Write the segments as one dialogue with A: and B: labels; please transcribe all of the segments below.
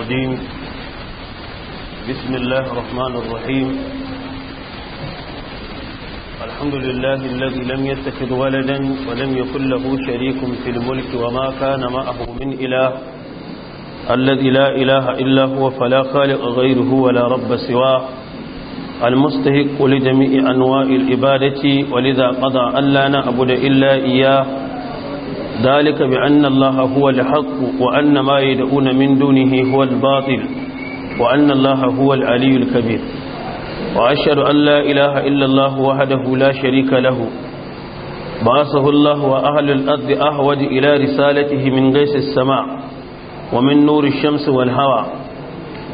A: الرجيم بسم الله الرحمن الرحيم الحمد لله الذي لم يتخذ ولدا ولم يكن له شريك في الملك وما كان معه من إله الذي لا إله إلا هو فلا خالق غيره ولا رب سواه المستهق لجميع أنواع العبادة ولذا قضى أن لا نعبد إلا إياه ذلك بأن الله هو الحق وأن ما يدعون من دونه هو الباطل وأن الله هو العلي الكبير وأشهد أن لا إله إلا الله وحده لا شريك له بعثه الله وأهل الأرض أهود إلى رسالته من غيث السماء ومن نور الشمس والهوى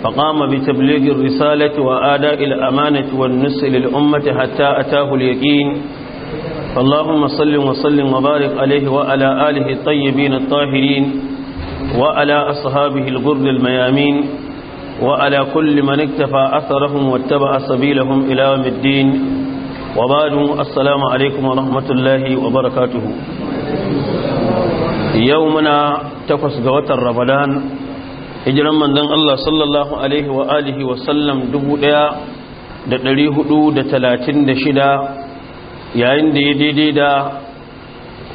A: فقام بتبليغ الرسالة وآداء الأمانة والنصر للأمة حتى أتاه اليقين اللهم صل وسلم وبارك عليه وعلى آله الطيبين الطاهرين وعلى أصحابه الغر الميامين وعلى كل من اكتفى أثرهم واتبع سبيلهم إلى يوم الدين وبعد السلام عليكم ورحمة الله وبركاته يومنا تقص قوة رمضان hijiran manzon Allah sallallahu alaihi wa alihi wa sallam 1436 yayin da ya daidai da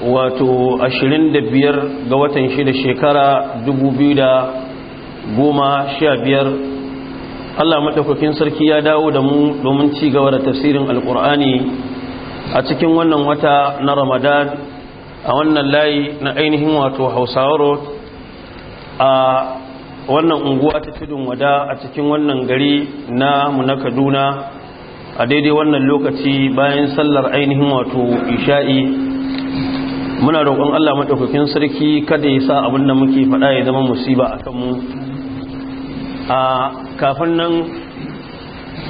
A: wato 25 ga watan shida shekara 2015 Allah maɗaukakin sarki ya dawo da mu domin ci gaba da tafsirin alƙur'ani a cikin wannan wata na ramadan a wannan layi na ainihin wato hausawar a wannan unguwa ta tudun wada a cikin wannan gari na mu na kaduna a daidai wannan lokaci bayan sallar ainihin wato isha'i muna roƙon Allah maɗaukakin sarki kada ya sa abin da muke faɗa ya zama musiba a kanmu a kafin nan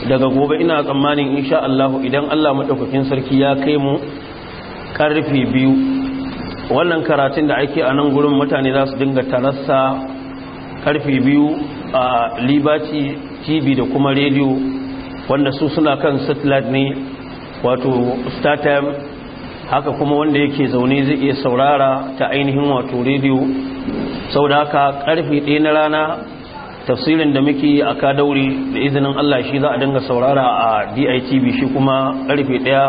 A: daga gobe ina tsammanin insha Allah idan Allah maɗaukakin sarki ya kai mu ƙarfi biyu wannan karatun da ake a nan gurin mutane za su dinga tarassa ƙarfi biyu a libaci, tv da kuma rediyo wanda su suna kan satellite ne wato time haka kuma wanda yake zaune zai iya saurara ta ainihin wato radio sau da haka karfe ɗaya na rana tafsirin da muke a ka kadauri da izinin Allah shi za a dinga saurara a DITB shi kuma karfe ɗaya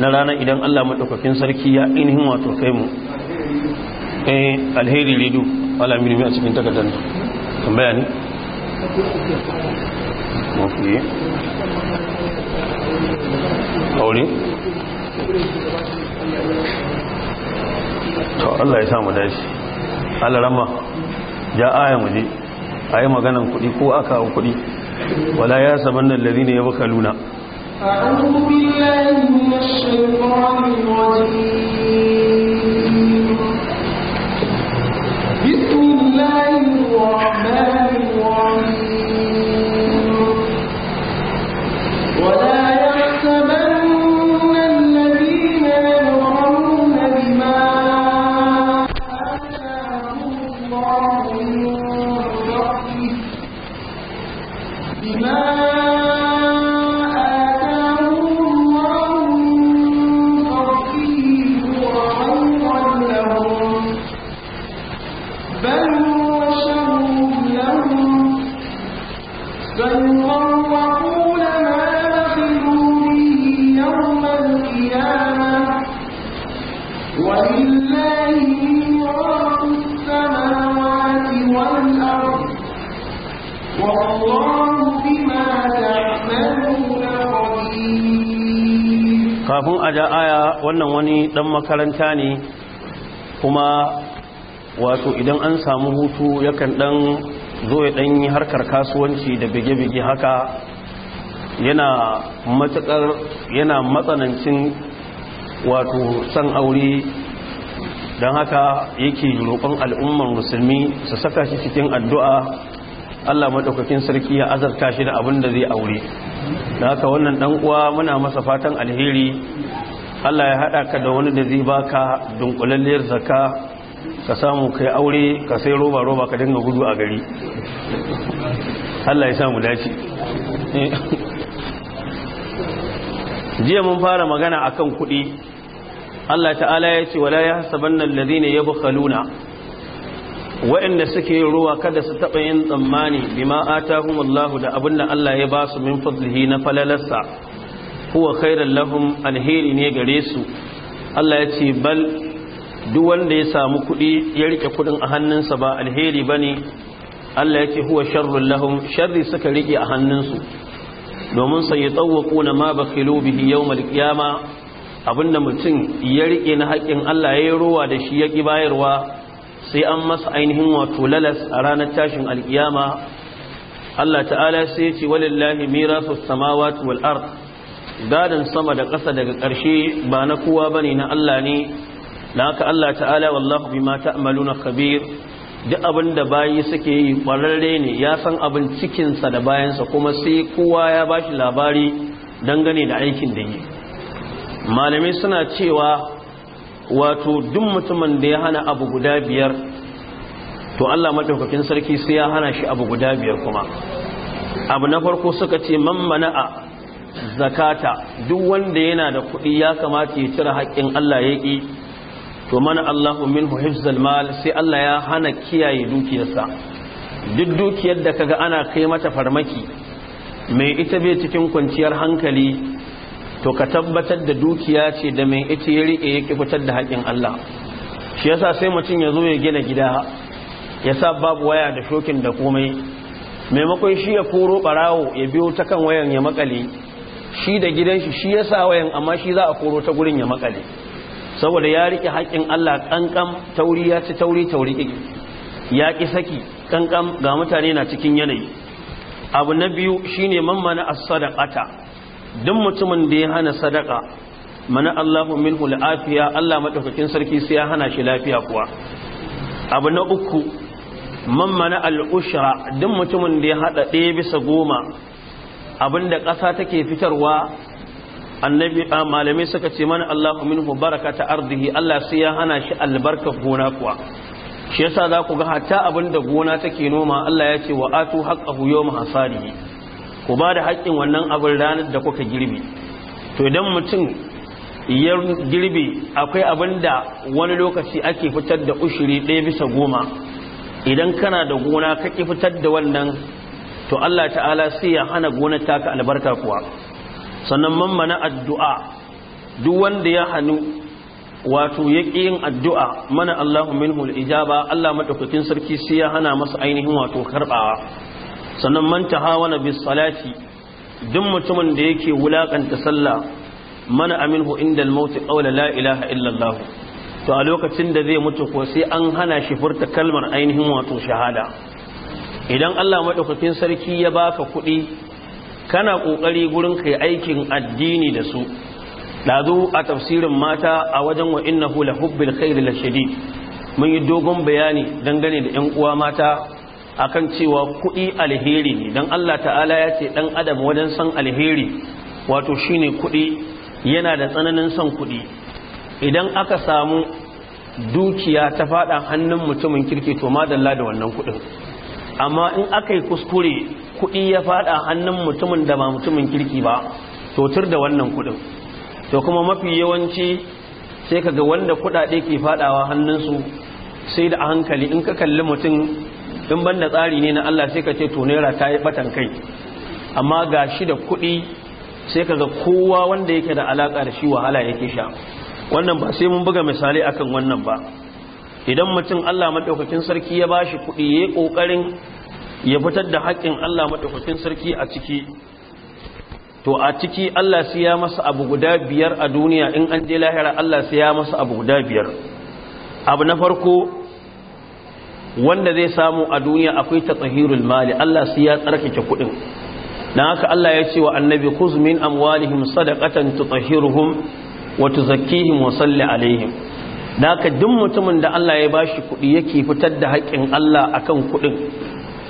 A: na rana idan Allah maɗaukakin sarki ya ainihin wato kai mu eh, alheri wala alamini mai a cikin takardar tambaya ne?
B: aure to Allah ya sa mu
A: dashi alarama ja aya mu je ayi maganan kuɗi ko a kawo kuɗi. wala ya sabanna alladhina yabkhaluna
B: a'udhu billahi minash shaitanir rajim bismillahir rahmanir
A: ɗan makaranta ne kuma wato idan an samu hutu yakan ɗan zo ya ɗan yi harkar kasuwanci da bige-bige haka yana matakar yana matsanancin wato san aure don haka yake roƙon al'ummar musulmi su saka shi cikin addu'a Allah maɗaukakin sarki ya azarta shi da abin da zai aure da haka wannan dan uwa muna masa fatan alheri Allah ya haɗa ka da wani da zai baka dunkulalliyar zaka ka samu kai aure ka sai roba roba ka dinga gudu a gari Allah ya samu dace jiya mun fara magana akan kuɗi Allah ta'ala ya ce wala ya hasabanna alladhina yabkhaluna wa'inda suke yin ruwa kada su taɓa yin tsammani bima atahum da abin Allah ya ba su min fadlihi na falalarsa huwa khairan lahum alheri ne gare su Allah ya ce bal duk wanda ya samu kuɗi ya rike kuɗin a hannunsa ba alheri bane Allah ya ce huwa sharrun lahum sharri suka rike a hannunsu domin sai tsawwaquna ma bakhilu bihi yawmal qiyama abinda mutum ya rike na haƙin Allah ya yi rowa da shi ya ki bayarwa sai an masa ainihin wato lalas a ranar tashin alkiyama Allah ta'ala sai ya ce walillahi mirasu samawati wal ard gadon sama da ƙasa daga ƙarshe ba na kowa bane na Allah ne na haka Allah ta'ala wallahu bima na khabir duk abin da bayi suke yi ƙwararre ne ya san abin cikinsa da bayansa kuma sai kowa ya ba shi labari dangane da aikin da yi malamai suna cewa wato duk mutumin da ya hana abu guda biyar to Allah madaukakin sarki sai ya hana shi abu guda biyar kuma abu na farko suka ce man mana'a zakata duk wanda yana da kuɗi ya kamata ya cire haƙƙin Allah ya ƙi to mana Allahu minhu hifzal mal sai Allah ya hana kiyaye dukiyarsa duk dukiyar da kaga ana kai mata farmaki mai ita bai cikin kwanciyar hankali to ka tabbatar da dukiya ce da mai ita ya riƙe ya fitar da haƙƙin Allah shi yasa sai mutum ya zo ya gina gida ya sa babu waya da shokin da komai maimakon shi ya koro barawo ya biyo ta kan wayan ya makale shi da gidan shi shi ya sa wayan amma shi za a koro ta gurin ya makale saboda ya rike haƙƙin Allah kankan tauri ya ci tauri tauri kike ya ki saki kankan ga mutane na cikin yanayi abu na biyu shine mammana as-sadaqata duk mutumin da ya hana sadaka mana Allahu minhu al-afiya Allah madaukakin sarki sai ya hana shi lafiya kuwa abu na uku mammana al-ushra duk mutumin da ya hada ɗaya bisa goma abinda ƙasa take fitarwa annabi malamai suka ce mana Allahu minhu barakata ardihi Allah sai ya hana shi albarkar gona kuwa shi yasa za ku ga hatta abinda gona take noma Allah ya ce wa atu haqqahu yawm hasadihi ku ba da haƙƙin wannan abin ranar da kuka girbi. to idan mutum ya girbe akwai abinda wani lokaci ake fitar da ushiri ɗaya bisa goma idan kana da gona ka fitar da wannan to Allah ta'ala sai ya hana gonar taka albarka kuwa sannan man mana addu'a duk wanda ya hanu wato ya yin addu'a mana Allahu minhu al-ijaba Allah madaukakin sarki sai ya hana masa ainihin wato karbawa sannan man tahawana bis salati duk mutumin da yake wulakanta sallah mana aminhu inda al-maut qawla la ilaha illa to a lokacin da zai mutu ko sai an hana shi furta kalmar ainihin wato shahada idan Allah maɗaukakin sarki ya baka kuɗi kana ƙoƙari gurin kai aikin addini da su ɗazu a tafsirin mata a wajen wa inna hula hubbil khairi la mun yi dogon bayani don dangane da 'yan uwa mata akan cewa kuɗi alheri ne dan Allah ta'ala ya ce ɗan adam wajen san alheri wato shine kuɗi yana da tsananin son kuɗi idan aka samu dukiya ta faɗa hannun mutumin kirki to madalla da wannan kuɗin amma in aka yi kuskure kuɗi ya faɗa hannun mutumin da ba mutumin kirki ba totur da wannan kuɗin to kuma mafi yawanci sai kaga wanda kuɗaɗe ke faɗawa hannunsu sai da hankali in ka kalli mutum in banda tsari ne na Allah sai ka ce to naira ta yi batan kai amma ga shi da kuɗi sai kaga kowa wanda yake da alaka da shi wahala yake sha wannan ba sai mun buga misali akan wannan ba idan mutum Allah maɗaukakin sarki ya ba shi kuɗi ya yi ƙoƙarin ya fitar da haƙƙin Allah maɗaukakin sarki a ciki to a ciki Allah sai ya masa abu guda biyar a duniya in an je lahira Allah sai ya masa abu guda biyar abu na farko wanda zai samu a duniya akwai ta tsahirul mali Allah sai ya tsarkake kuɗin Na haka Allah ya ce wa annabi kuzmin min amwalihim sadaqatan tutahhiruhum wa tuzakkihim wa salli alaihim da haka duk mutumin da Allah ya bashi kuɗi yake fitar da haƙƙin Allah akan kuɗin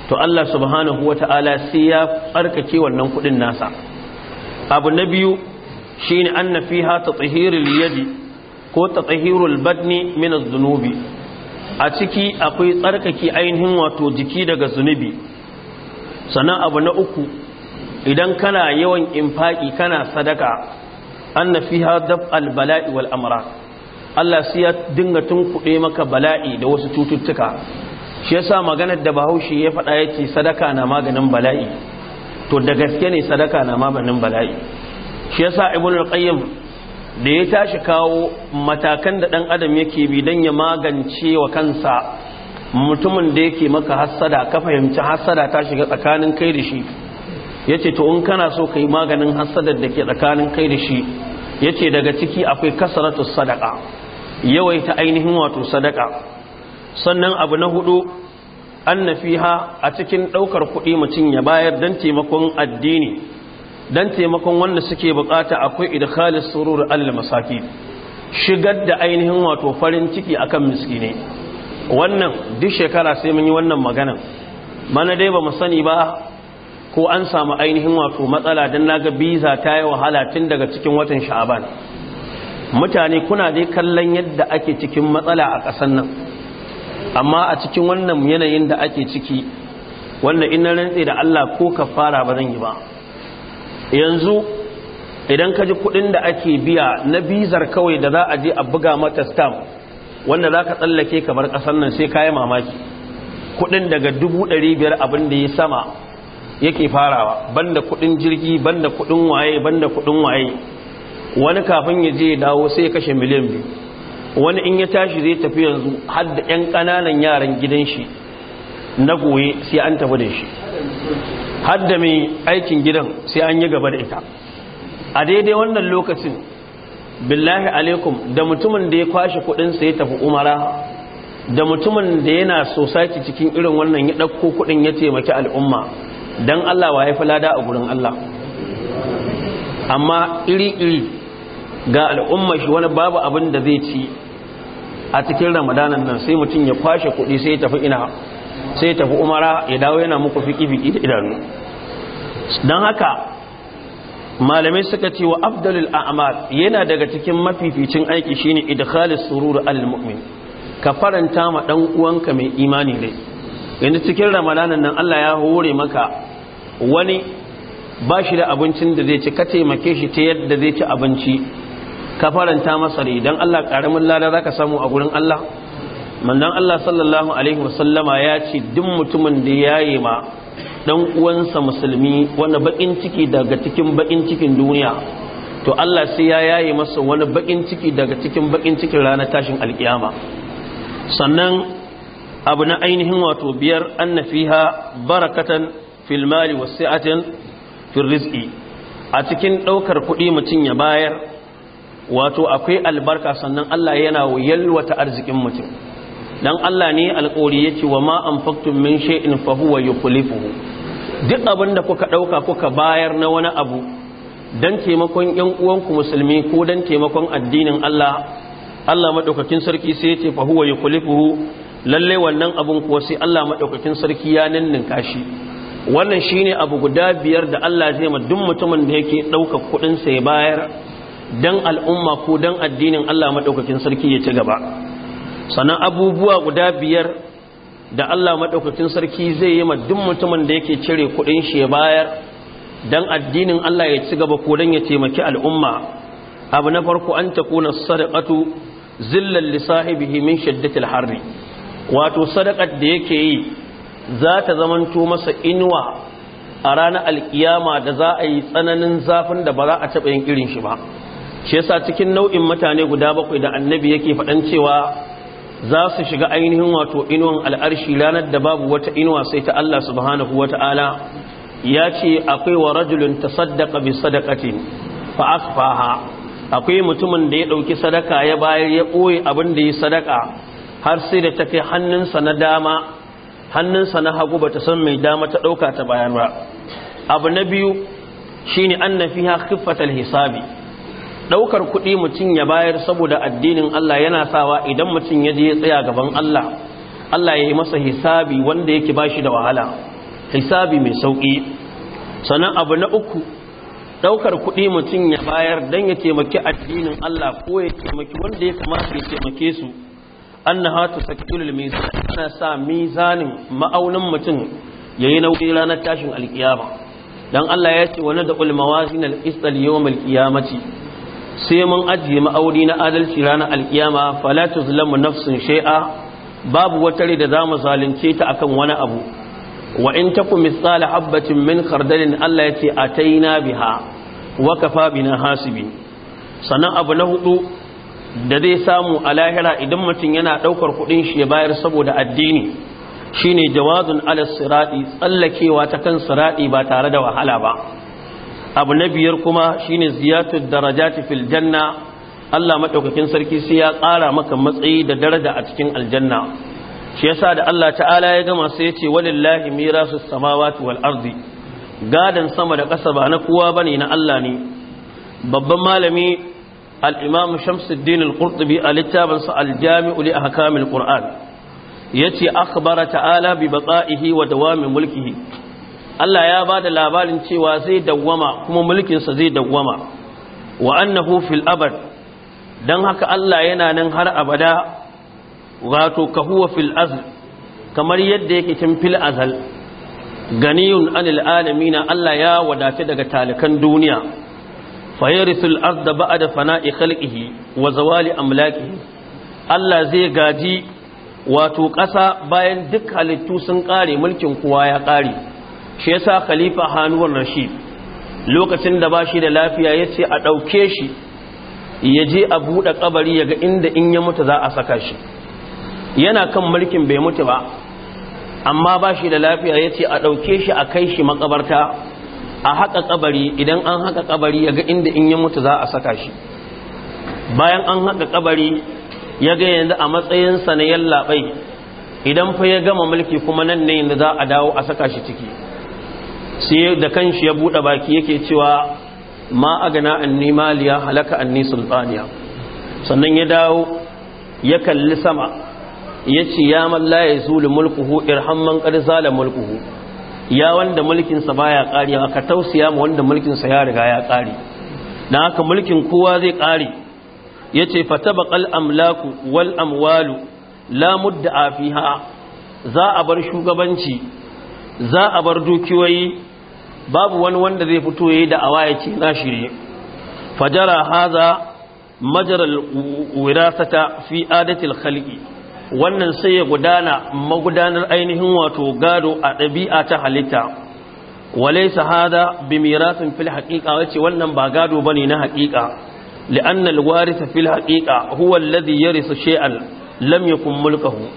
A: to Allah subhanahu wata'ala sai ya tsarkake wannan kuɗin nasa abu na biyu shine anna fiha tatahirul yadi ko tatahirul badni min zunubi a ciki akwai tsarkake ainihin wato jiki daga zunubi sannan abu na uku idan kana yawan infaki kana sadaka anna fiha daf al-bala'i wal amra Allah sai ya dinga kuɗe maka bala'i da wasu cututtuka shi yasa maganar da bahaushe ya faɗa yake sadaka na maganin bala'i to da gaske ne sadaka na maganin bala'i shi yasa ibn al-qayyim da ya tashi kawo matakan da dan adam yake bi dan ya magance wa kansa mutumin da yake maka hassada ka fahimci hassada ta shiga tsakanin kai da shi yace to in kana so kai maganin hassadar da ke tsakanin kai da shi yace daga ciki akwai kasratus sadaqa yawaita ainihin wato sadaka sannan abu na hudu anna fiha a cikin daukar kuɗi mutum ya bayar dan taimakon addini dan taimakon wanda suke bukata akwai idkhalis surur al masakin shigar da ainihin wato farin ciki akan miskine wannan duk shekara sai mun yi wannan magana mana dai ba mu sani ba ko an samu ainihin wato matsala don naga biza ta yi wahala tun daga cikin watan sha'aban mutane kuna dai kallon yadda ake cikin matsala a ƙasar nan amma a cikin wannan yanayin da ake ciki wannan ina rantse da Allah ko ka fara ba zan yi ba yanzu idan ka ji kuɗin da ake biya na bizar kawai da za a je a buga mata stamp wanda za ka tsallake kamar ƙasar nan sai kayi mamaki kuɗin daga dubu ɗari biyar abin da ya sama yake farawa banda kuɗin jirgi banda kuɗin waye banda kuɗin waye wani kafin ya je ya dawo sai ya kashe miliyan biyu wani in ya tashi zai tafi yanzu har 'yan kananan yaran gidan shi na goye sai an tafi da shi har mai aikin gidan sai an yi gaba da ita a daidai wannan lokacin billahi alaikum da mutumin da ya kwashe kudinsa ya tafi umara da mutumin da yana sosaki cikin irin wannan ya ɗauko kudin ya taimaki al'umma don Allah wa ya fi lada a gurin Allah amma iri-iri ga al'umma shi wani babu abin da zai ci a cikin ramadanan nan sai mutum ya kwashe kuɗi sai ya tafi ina sai tafi umara ya dawo yana muku fiki fiƙi da idanu don haka malamai suka ce wa abdalil a'mal yana daga cikin mafificin aiki shine Khalis surur al mu'min ka faranta ma dan uwanka mai imani ne. yanzu cikin ramadanan nan Allah ya hore maka wani bashi da abincin da zai ci ka taimake shi ta yadda zai ci abinci ka faranta masa rai dan Allah karamin lada zaka samu a gurin Allah manzon Allah sallallahu alaihi wasallama ya ce duk mutumin da yayi ma dan uwansa musulmi wani bakin ciki daga cikin bakin cikin duniya to Allah sai ya yaye masa wani bakin ciki daga cikin bakin cikin ranar tashin alkiyama sannan abu na ainihin wato biyar anna fiha barakatan fil mali wasi'atan fil rizqi a cikin daukar kuɗi mutum ya bayar wato akwai albarka sannan Allah yana yalwata arzikin mutum dan Allah ne alƙori yace wa ma anfaqtum min shay'in fa huwa yukhlifuhu duk abinda kuka dauka kuka bayar na wani abu dan taimakon ƴan uwanku musulmi ko dan taimakon addinin Allah Allah madaukakin sarki sai yace fa huwa yukhlifuhu lalle wannan abun ko sai Allah madaukakin sarki ya ninninka shi wannan shine abu guda biyar da Allah zai ma duk mutumin da yake dauka kudin sa ya bayar dan al'umma ko dan addinin Allah madaukakin sarki ya ci gaba sannan abubuwa guda biyar da Allah madaukakin sarki zai yi ma duk mutumin da yake cire kuɗin shi ya bayar dan addinin Allah ya ci gaba ko dan ya taimaki al'umma abu na farko an ta kuna sadaqatu zillan li sahibihi min shiddatil harri wato sadaqar da yake yi za ta zamanto masa inuwa a ranar alkiyama da za a yi tsananin zafin da ba za a taɓa yin irin shi ba shi yasa cikin nau'in mutane guda bakwai da annabi yake faɗan cewa za su shiga ainihin wato inuwan al'arshi ranar da babu wata inuwa sai ta Allah subhanahu Ta'ala, ya ce akwai wa rajulun ta tasaddaqa bi sadaqatin fa asfaha akwai mutumin da ya ɗauki sadaka ya bayar ya boye abin da ya sadaka har sai da ta kai hannunsa na dama hannunsa na hagu ba ta san mai dama ta ɗauka ta bayan ba abu na biyu shine annafiha khiffatal hisabi Daukar kuɗi mutum ya bayar saboda addinin Allah yana sawa idan mutum ya je tsaya gaban Allah Allah ya yi masa hisabi wanda yake bashi da wahala hisabi mai sauki sannan abu na uku ɗaukar kuɗi mutum ya bayar don ya taimaki addinin Allah ko ya taimaki wanda ya kamata ya taimake su annaha tusakkilul mizan ana sa mizanin ma'aunin mutum yayi nauyi ranar tashin alkiyama dan Allah ya ce wani da ulmawazin al-qist al-yawm al-qiyamati sai mun ajiye ma'auni na adalci ranar alkiyama fala tuzlamu nafsun shai'a. babu wata rai da mu zalunce ta akan wani abu wa in takum mithqala habatin min khardalin Allah yace na biha wa kafa na hasibi. sannan abu na hudu da zai samu a lahira idan mutum yana daukar kudin shi ya bayar saboda addini shine jawazun ala sirati tsallakewa ta kan sirati ba tare da wahala ba abu na biyar kuma shine ziyatul darajati fil janna Allah madaukakin sarki sai ya ƙara maka matsayi da daraja a cikin aljanna shi yasa da Allah ta'ala ya gama sai ya ce walillahi mirasus samawati wal ardi gadan sama da ƙasa ba na kowa bane na Allah ne babban malami al-imam Shamsuddin al-Qurtubi a littafin sa al-Jami'u li ahkamil Qur'an yace akhbara ta'ala bi baqa'ihi wa dawami mulkihi Allah ya ba da labarin cewa zai dawwama kuma mulkinsa zai dawwama wa annahu fil abad dan haka Allah yana nan har abada wato ka huwa fil azl kamar yadda yake cin fil azal ganiyun anil alamin Allah ya wadace daga talikan duniya fayarisul ard ba'da fana'i khalqihi wa zawali amlakihi Allah zai gaji wato ƙasa bayan duk halittu sun ƙare mulkin kowa ya ƙare shi yasa khalifa hanuwar rashid lokacin da bashi da lafiya ya ce a ɗauke shi ya je a buɗe ƙabari ya ga inda in ya mutu za a saka shi yana kan mulkin bai mutu ba amma bashi da lafiya ya ce a ɗauke shi a kai shi makabarta a haƙa ƙabari idan an haƙa ƙabari ya inda in ya mutu za a saka shi bayan an haƙa ƙabari yaga ga yanzu a matsayinsa na yallaɓai idan fa ya gama mulki kuma nan ne yanzu za a dawo a saka shi ciki sai da kanshi ya bude baki yake cewa ma agana anni maliya halaka anni sultaniya sannan ya dawo ya kalli sama ya ce ya malla ya zuli mulkuhu man qad zalal mulkuhu ya wanda mulkin sa baya ƙariya ka tausiya ma wanda mulkin sa ya riga ya kari. dan haka mulkin kowa zai ƙari yace fatabaqal amlaku wal amwalu la mudda fiha za a bar shugabanci za a bar dukiyoyi babu wani wanda zai fito ya da awa ya ce na shirye fajara haza majaral wirasata fi adatil khalqi wannan sai ya gudana magudanar ainihin wato gado a ɗabi'a ta halitta walaysa hada bi mirasin fil haqiqa wace wannan ba gado bane na haqiqa li'anna al-warith fil haqiqa huwa alladhi yarisu shay'an lam yakun mulkahu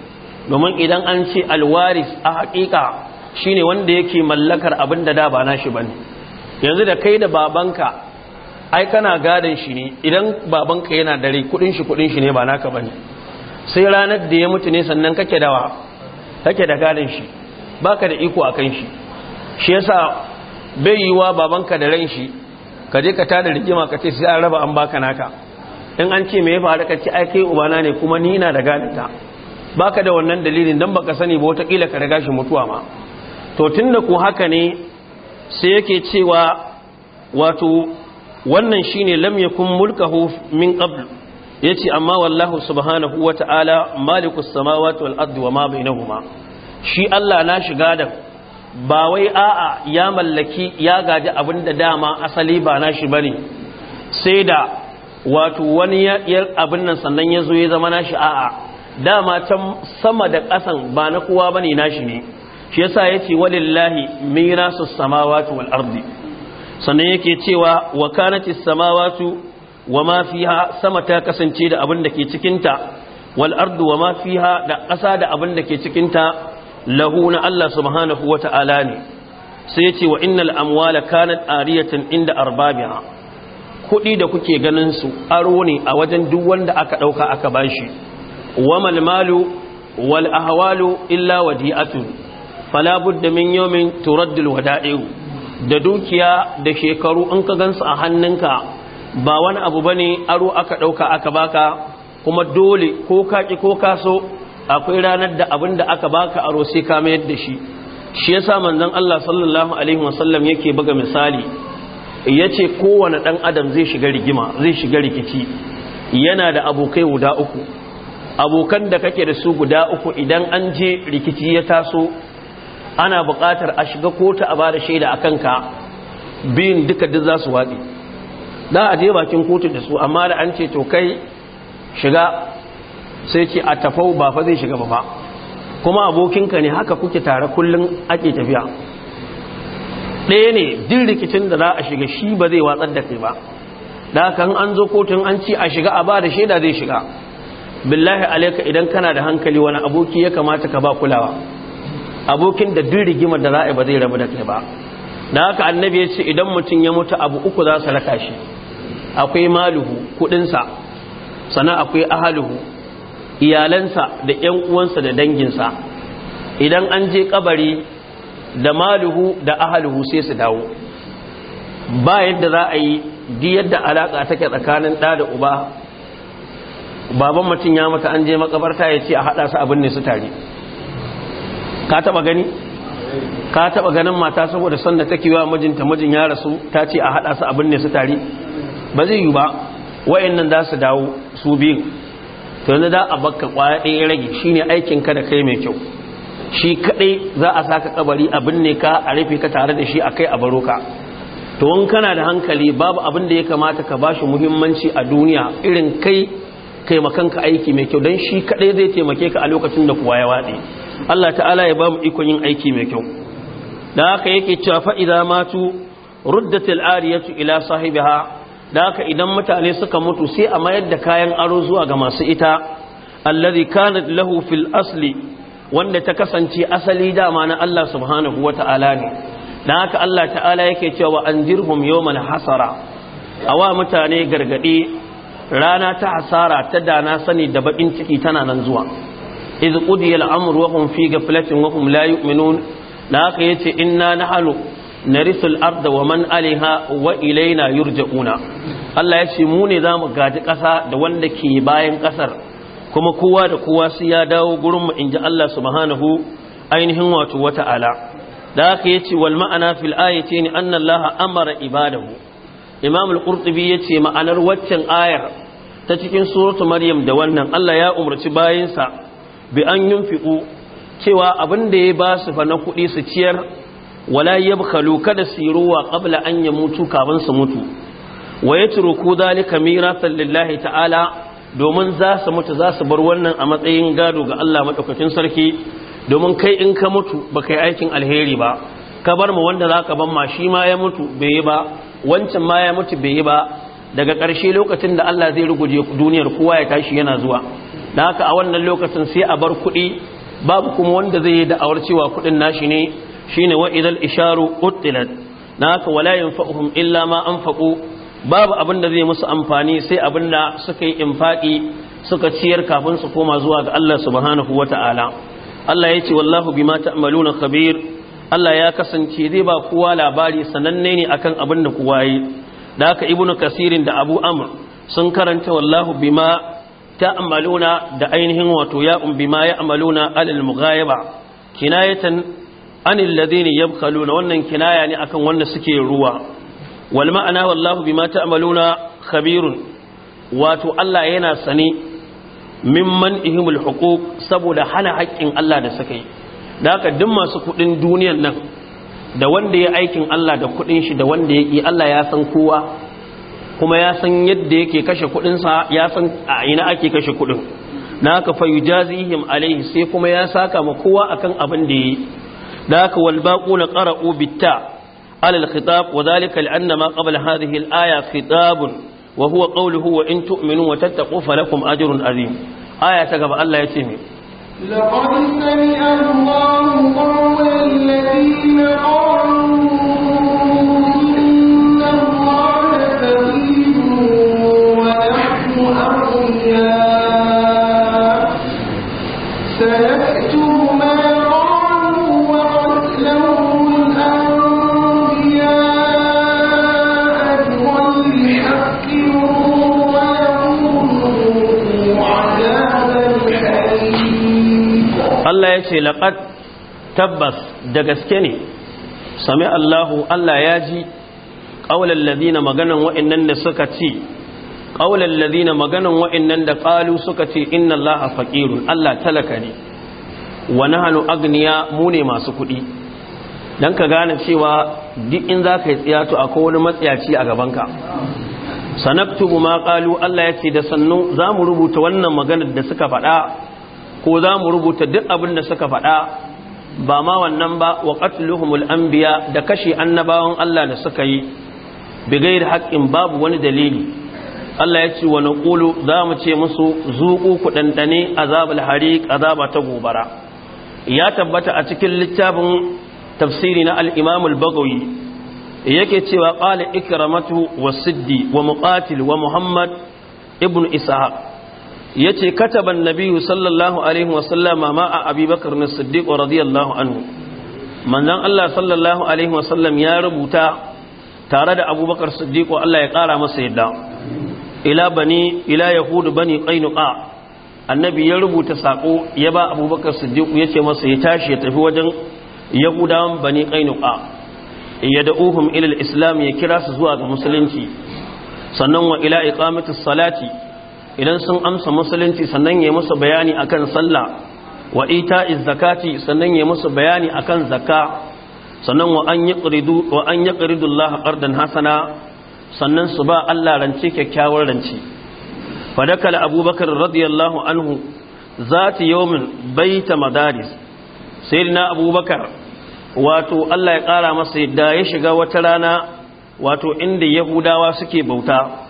A: domin idan an ce al-waris a haqiqa Shi ne wanda yake mallakar abin da da ba nashi ne yanzu da kai da babanka ai kana gadon shi ne idan babanka yana dare kudin shi kudin shi ne ba naka ne. sai ranar da ya mutu ne sannan kake dawa kake da gadon shi baka da iko akan shi shi yasa bai yiwuwa babanka da ran shi ka je ka tada rigima ka ce sai an raba an baka naka in an ce mai ya faru ka ce ai kai ubana ne kuma ni na da gadon ta baka da wannan dalilin dan baka sani ba wata kila ka riga shi mutuwa ma to tun da ku haka ne sai yake cewa wato wannan shine lam yakun mulkahu min ya ce amma wallahu subhanahu wata'ala malikus samawati ma bai na huma. shi Allah na shiga da ba wai a'a ya mallaki ya gaji abin da dama asali ba nashi bane sai da wato wani abin nan sannan ya zo ya zama nashi a'a dama can sama da ƙasan ba na kowa bane nashi ne shi yasa yace walillahi mirasus samawati wal ardi sannan yake cewa wa kanatis samawati wama fiha sama ta kasance da abin da ke cikin ta wal ardu wama fiha da ƙasa da abin da ke cikin ta lahu na Allah subhanahu wata'ala ne sai yace wa innal amwala kanat ariyatan inda arbabiha kuɗi da kuke ganin su aro ne a wajen duk wanda aka ɗauka aka bashi wamal malu wal ahwalu illa wadi'atun fala budda min yawmin turaddu alwada'u da dukiya da shekaru in ka gansu a hannunka ba wani abu bane aro aka dauka aka baka kuma dole ko ka ki ko ka so akwai ranar da abinda aka baka aro sai ka mayar da shi shi yasa manzon Allah sallallahu alaihi wasallam yake buga misali yace kowane dan adam zai shiga rigima zai shiga rikici yana da abokai guda uku abokan da kake da su guda uku idan an je rikici ya taso ana buƙatar a shiga kotu a bada shaida a kanka biyun duka duk za su waɗi da a je bakin kotu da su amma da an ce to kai shiga sai ce a tafau ba fa zai shiga ba kuma abokinka ne haka kuke tare kullum ake tafiya ɗaya ne duk rikicin da za a shiga shi ba zai watsar da kai ba da kan an zo kotun an ce a shiga a ba da shaida zai shiga billahi alaika idan kana da hankali wani aboki ya kamata ka ba kulawa abokin da duk rigimar da za'a ba zai rabu da kai ba da haka annabi ya ce idan mutum ya mutu abu uku za su raka shi akwai maluhu kudinsa sana akwai ahaluhu iyalansa da yan uwansa da danginsa idan an je kabari da maluhu da ahaluhu sai su dawo ba yadda za a yi duk yadda alaka take tsakanin ɗa da uba baban mutum ya mutu an je makabarta ya ce a haɗa su abin ne su tare ka taba gani ka taba ganin mata saboda sanda take wa mijinta mijin ya rasu ta ce a hada su abin ne su tare ba zai yi ba wayannan za su dawo su biyu to yanzu za a bakka kwaya ɗaya rage shine aikin ka da kai mai kyau shi kadai za a saka kabari abin ne ka a rufe ka tare da shi akai a baro ka to in kana da hankali babu abin da ya kamata ka ba shi muhimmanci a duniya irin kai kai makanka aiki mai kyau dan shi kadai zai taimake ka a lokacin da kuwa ya wade Allah ta'ala ya ba mu iko yin aiki mai kyau da haka yake cewa fa idza matu ruddatil ariyatu ila sahibiha da haka idan mutane suka mutu sai a mayar da kayan aro zuwa ga masu ita allazi kanat lahu fil asli wanda ta kasance asali dama na Allah subhanahu wata'ala ne da haka Allah ta'ala yake cewa anjirhum yawmal hasara awa mutane gargadi rana ta hasara ta dana sani da bakin ciki tana nan zuwa idh qudiya al-amru wa hum fi ghaflatin wa hum la yu'minun da haka yace inna nahnu narisul al wa man alaiha wa ilaina yurja'una Allah yace mu ne zamu gaji kasa da wanda ke bayan ƙasar kuma kowa da kowa sai ya dawo gurin mu inji Allah subhanahu ainihin wato ala. da haka yace wal ma'ana fil ayati ni anna Allah amara ibadahu Imam al-Qurtubi yace ma'anar waccan ayar ta cikin suratu Maryam da wannan Allah ya umarci bayinsa bi an yunfiqu cewa abin da ya ba su fa na kuɗi su ciyar wala yabkhalu kada su ruwa qabla an mutu kafin su mutu wa yatruku dhalika mirasan lillahi ta'ala domin za su mutu za su bar wannan a matsayin gado ga Allah madaukakin sarki domin kai in ka mutu ba yi aikin alheri ba ka bar mu wanda zaka ban ma shi ma ya mutu bai yi ba wancan ma ya mutu bai yi ba daga ƙarshe lokacin da Allah zai ruguje duniyar kowa ya tashi yana zuwa da haka a wannan lokacin sai a bar kuɗi babu kuma wanda zai yi da'awar cewa kuɗin nashi ne shine wa idal isharu uttilat da haka wala yanfa'uhum illa ma anfaqu babu abin da zai musu amfani sai abin da suka yi infaqi suka ciyar kafin su koma zuwa ga Allah subhanahu wata'ala Allah ya ce wallahu bima ta'maluna khabir Allah ya kasance zai ba kowa labari sananne ne akan abin da kowa yi da haka ibnu kasirin da abu amr sun karanta wallahu bima ta'maluna da ainihin wato ya'un bima ya'maluna alal mughayaba kinayatan anil ladina yabkhaluna wannan kinaya ne akan wanda suke ruwa wal ma'ana wallahu bima ta'maluna khabirun wato Allah yana sani mimman ihimul huquq saboda hana haƙƙin Allah da suka yi da haka duk masu kuɗin duniyar nan da wanda ya aikin Allah da kuɗin shi da wanda ya yi Allah ya san kowa kuma ya san yadda yake kashe kuɗinsa ya san a ina ake kashe kuɗin na haka fa alaihi sai kuma ya saka ma kowa akan abin da yi da haka wal baquna qara'u bitta ala al khitab wa zalika li anna ma qabla hadhihi al aya wa huwa qawluhu wa in tu'minu wa tattaqu falakum ajrun azim aya ta gaba Allah ya ce me
B: لقد سمع الله قول الذين
A: ce laqad tabbas da gaske ne sami Allahu Allah ya ji qaulal ladina maganan wa'annan da suka ci qaulal ladina maganan wa'annan da qalu suka ce inna Allaha faqirun Allah talaka ne wa hannu agniya mu ne masu kuɗi dan ka gane cewa duk in zaka yi tsiyato akwai wani matsiyaci a gabanka sanaktubu ma qalu Allah yace da sannu zamu rubuta wannan maganar da suka faɗa ko za mu rubuta duk abin da suka faɗa ba ma wannan ba wa qatluhumul anbiya da kashe annabawan Allah da suka yi bi ghairi babu wani dalili Allah ya ce wa naqulu za mu ce musu zuƙu ku dandane azabul hariq azaba ta gobara ya tabbata a cikin littafin tafsiri na al-Imam al-Baghawi yake cewa qala ikramatu wa siddi wa muqatil wa muhammad ibn ishaq ya ce kataban nabiyu sallallahu alaihi wasallama a abubakar na siddiq radiyallahu anhu manzan Allah sallallahu alaihi wasallam ya rubuta tare da abubakar siddiq Allah ya kara masa yadda ila bani ila yahudu bani qainuqa annabi ya rubuta saƙo ya ba abubakar siddiq ya ce masa ya tashi ya tafi wajen yahudawan bani qainuqa ya da'uhum ila islam ya kira su zuwa ga musulunci sannan wa ila iqamati salati idan sun amsa musulunci sannan ya musu bayani akan sallah wa ita zakati sannan ya musu bayani akan zakka sannan wa an yaqridu wa Allah hasana sannan su ba Allah rance kyakkyawar rance fadakala abubakar radiyallahu anhu zati yawmin baita madaris sayyidina abubakar wato Allah ya ƙara masa yadda ya shiga wata rana wato inda yahudawa suke bauta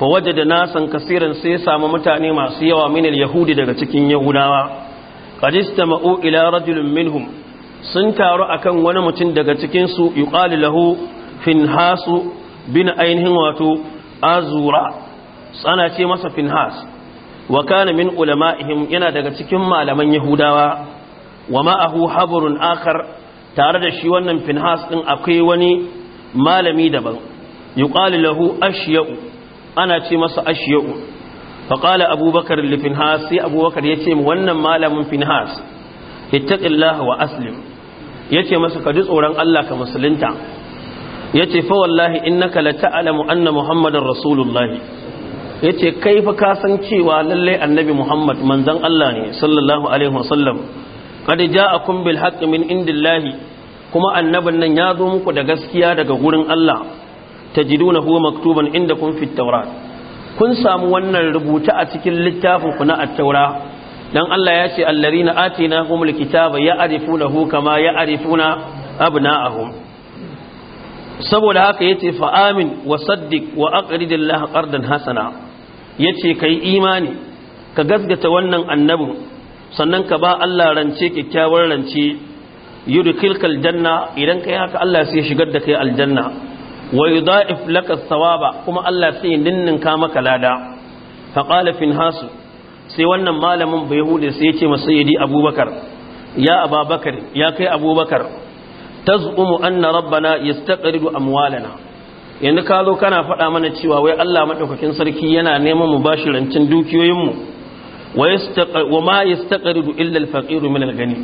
A: fa da nasan kasiran sai ya samu mutane masu yawa minal yahudi daga cikin yahudawa qad istama'u ila minhum sun taru akan wani mutum daga cikinsu su lahu finhasu bin ainihin wato azura Tsana ce masa finhas wa kana min ulama'ihim yana daga cikin malaman yahudawa wa ma'ahu habrun akhar tare da shi wannan finhas din akwai wani malami daban yuqalu lahu ashya'u ana ce masa ashiya'u faƙala abubakar lifinhas sai abubakar ya ce wannan malamin finhas ittaqillaha wa aslim ya ce masa ka ji tsoron Allah ka musulunta ya ce fa wallahi innaka la ta'lamu anna muhammadar rasulullahi ya ce kai fa ka san cewa lallai annabi muhammad manzon Allah ne sallallahu alaihi wasallam qad ja'akum bil haqqi min indillahi kuma annabin nan ya zo muku da gaskiya daga gurin Allah tajidunahu maktuban indakum fit tawrat kun samu wannan rubuta a cikin littafin ku na at-taura dan Allah ya ce allazina atinahumul kitaba ya'rifunahu kama ya'rifuna abna'ahum saboda haka yace fa amin wa saddiq wa aqridillahi qardan hasana yace kai imani ka gaskata wannan annabi sannan ka ba Allah rance kyakkyawar rance yudkhilkal janna idan kai haka Allah sai shigar da kai aljanna wa yudha'if laka thawaba kuma Allah sai ninninka maka lada fa qala finhasu sai wannan malamin bai sai yace ma sayyidi abubakar ya ababakar ya kai abubakar tazumu anna rabbana yastaqridu amwalana yanzu ka zo kana faɗa mana cewa wai Allah madaukakin sarki yana neman mu bashi rancin dukiyoyin mu wa ma yastaqridu illa al-faqir min al-ghani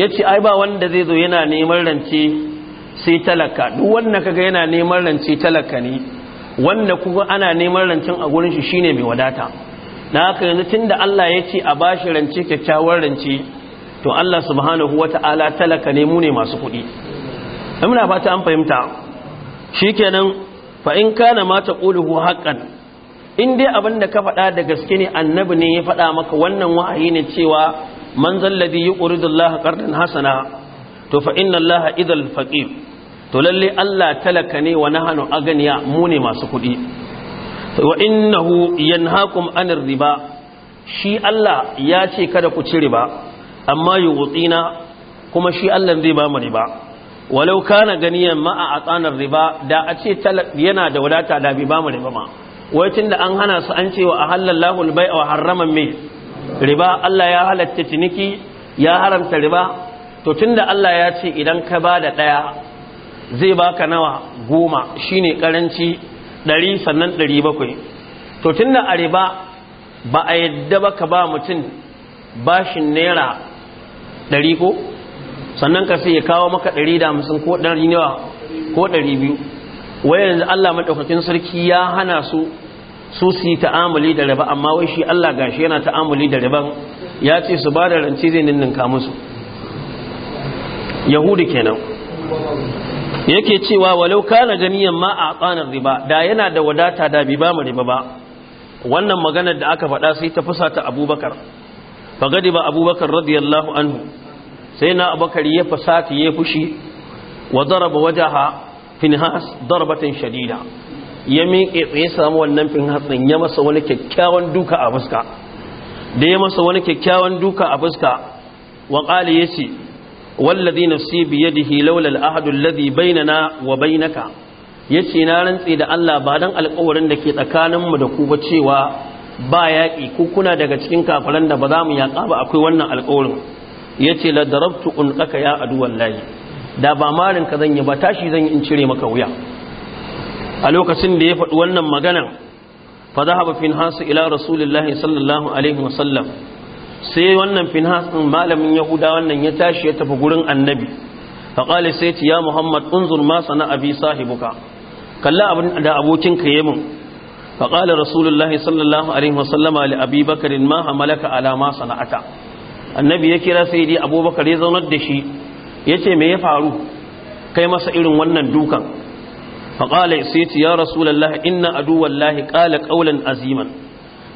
A: yace ai ba wanda zai zo yana neman rance sai talaka duk wanda kaga yana neman rance talaka ne wanda kuma ana neman rancen a gurin shi shine mai wadata na haka yanzu tunda Allah ya ce a bashi rance kyakkyawar rance to Allah subhanahu wata'ala talaka ne mu ne masu kuɗi muna fata an fahimta shikenan fa in kana ma taquluhu haqqan in dai abinda ka faɗa da gaske ne annabi ne ya faɗa maka wannan wa'ayi ne cewa man zalladhi yuqridu Allah qardan hasana to fa inna Allah idhal faqir to lalle Allah talaka ne wa nahnu aganiya mu ne masu kuɗi wa innahu yanhaakum anir riba shi Allah ya ce kada ku ci riba amma yuqina kuma shi Allah zai ba mu riba walau kana ganiyan ma a atsanar riba da a ce yana da wadata da bai ba mu riba ma wai tunda an hana su an cewa a halallahu albai wa harraman me riba Allah ya halatta ciniki ya haramta riba to tunda Allah ya ce idan ka ba da daya zai baka nawa goma shine karanci dari sannan dari bakwai to tunda a riba ba a yadda ba ka ba mutum bashin naira dari ko sannan ka sai ya kawo maka ɗari da hamsin ko dari nawa ko dari biyu wai yanzu allah maɗaukakin sarki ya hana su su su yi ta'amuli da riba amma wai shi Allah gashi yana ta'amuli da riban ya ce su ba da rance zai ninninka musu yahudi kenan yake cewa walau kana jami'an ma a tsanar riba da yana da wadata da bi ba mu riba ba wannan maganar da aka faɗa sai ta fusa ta abubakar fagadi ba abubakar radiyallahu anhu sai na abubakar ya ta ya fushi wa daraba wajaha finhas darbatan shadida ya miƙe ya sami wannan finhas ɗin ya masa wani kyakkyawan duka a fuska da ya masa wani kyakkyawan duka a fuska wa ƙali ya ce wallazi nafsi biyadihi laula al-ahd alladhi bainana wa bainaka yace na rantsi da Allah ba dan alƙawarin da ke tsakaninmu da ku ba cewa ba yaƙi ku kuna daga cikin kafiran da ba za mu yaƙa ba akwai wannan alƙawarin yace la darabtu unqaka ya adu wallahi da ba marin ka zan yi ba tashi zan yi in cire maka wuya a lokacin da ya faɗi wannan magana fa dhahaba fi nasu ila rasulillahi sallallahu alaihi wasallam sai wannan finhas ɗin malamin yahuda wannan ya tashi ya tafi gurin annabi faƙali sai ce ya muhammad unzur ma sana abi sahibuka kalla abin da abokinka yi mun. faƙali rasulullahi sallallahu alaihi wasallama li abi bakarin ma hamalaka ala ma sana'ata annabi ya kira sai dai abubakar ya zaunar da shi Yace ce me ya faru kai masa irin wannan dukan faƙali sai ce ya rasulullahi inna adu wallahi ƙala ƙaulan aziman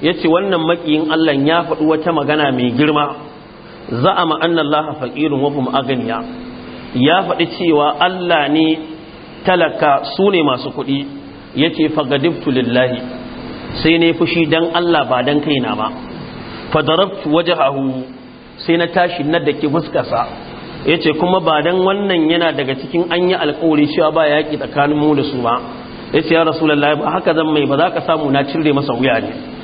A: ya ce wannan makiyin Allah ya faɗi wata magana mai girma za a laha Allah faƙirin wafin aganiya ya faɗi cewa Allah ne talaka su ne masu kuɗi ya ce lillahi sai ne fushi don Allah ba don na ba fadarabtu wajahahu sai na tashi na da ke fuskarsa ya ce kuma ba don wannan yana daga cikin an yi alkawari cewa ba yaƙi tsakanin mu da su ba ya ce ya rasulallah ba haka zan mai ba za ka samu na cire masa wuya ne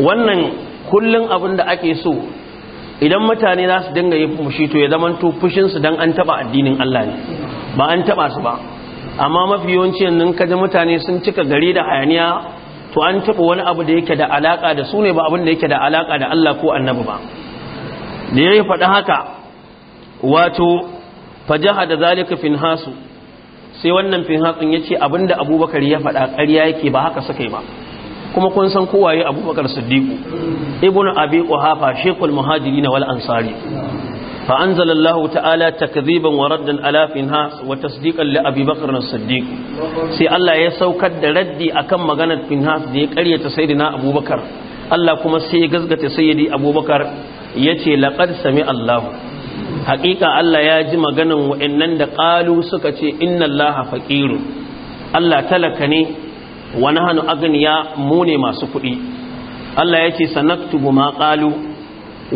A: wannan kullun abin da ake so idan mutane za su dinga yi fushi to ya zama to fushinsu don an taba addinin Allah ne ba an taba su ba amma mafi yawanci nan kaji mutane sun cika gari da hayaniya to an taba wani abu da yake da alaka da su ne ba abin da yake da alaka da Allah ko annabi ba da ya faɗi haka wato fajaha da zalika finhasu sai wannan finhatsun ya ce abinda abubakar ya faɗa ƙarya yake ba haka suka yi ba kuma kun san kowaye abubakar Sadiku. Ibn abi quhafa shaykhul muhajirin wal ansari fa anzala allah ta'ala takdhiban wa raddan alafin ha wa tasdiqan li abi bakr as sai allah ya saukar da raddi akan maganar finhas da ya karyata sayyidina abubakar allah kuma sai ya gazgata sayyidi abubakar yace laqad sami allah haqiqa allah ya ji maganan wa'annan da qalu suka ce inna allah faqiru. allah talaka ne Wani hannu aghniya mu ne masu kuɗi Allah yace sanaktubu ma qalu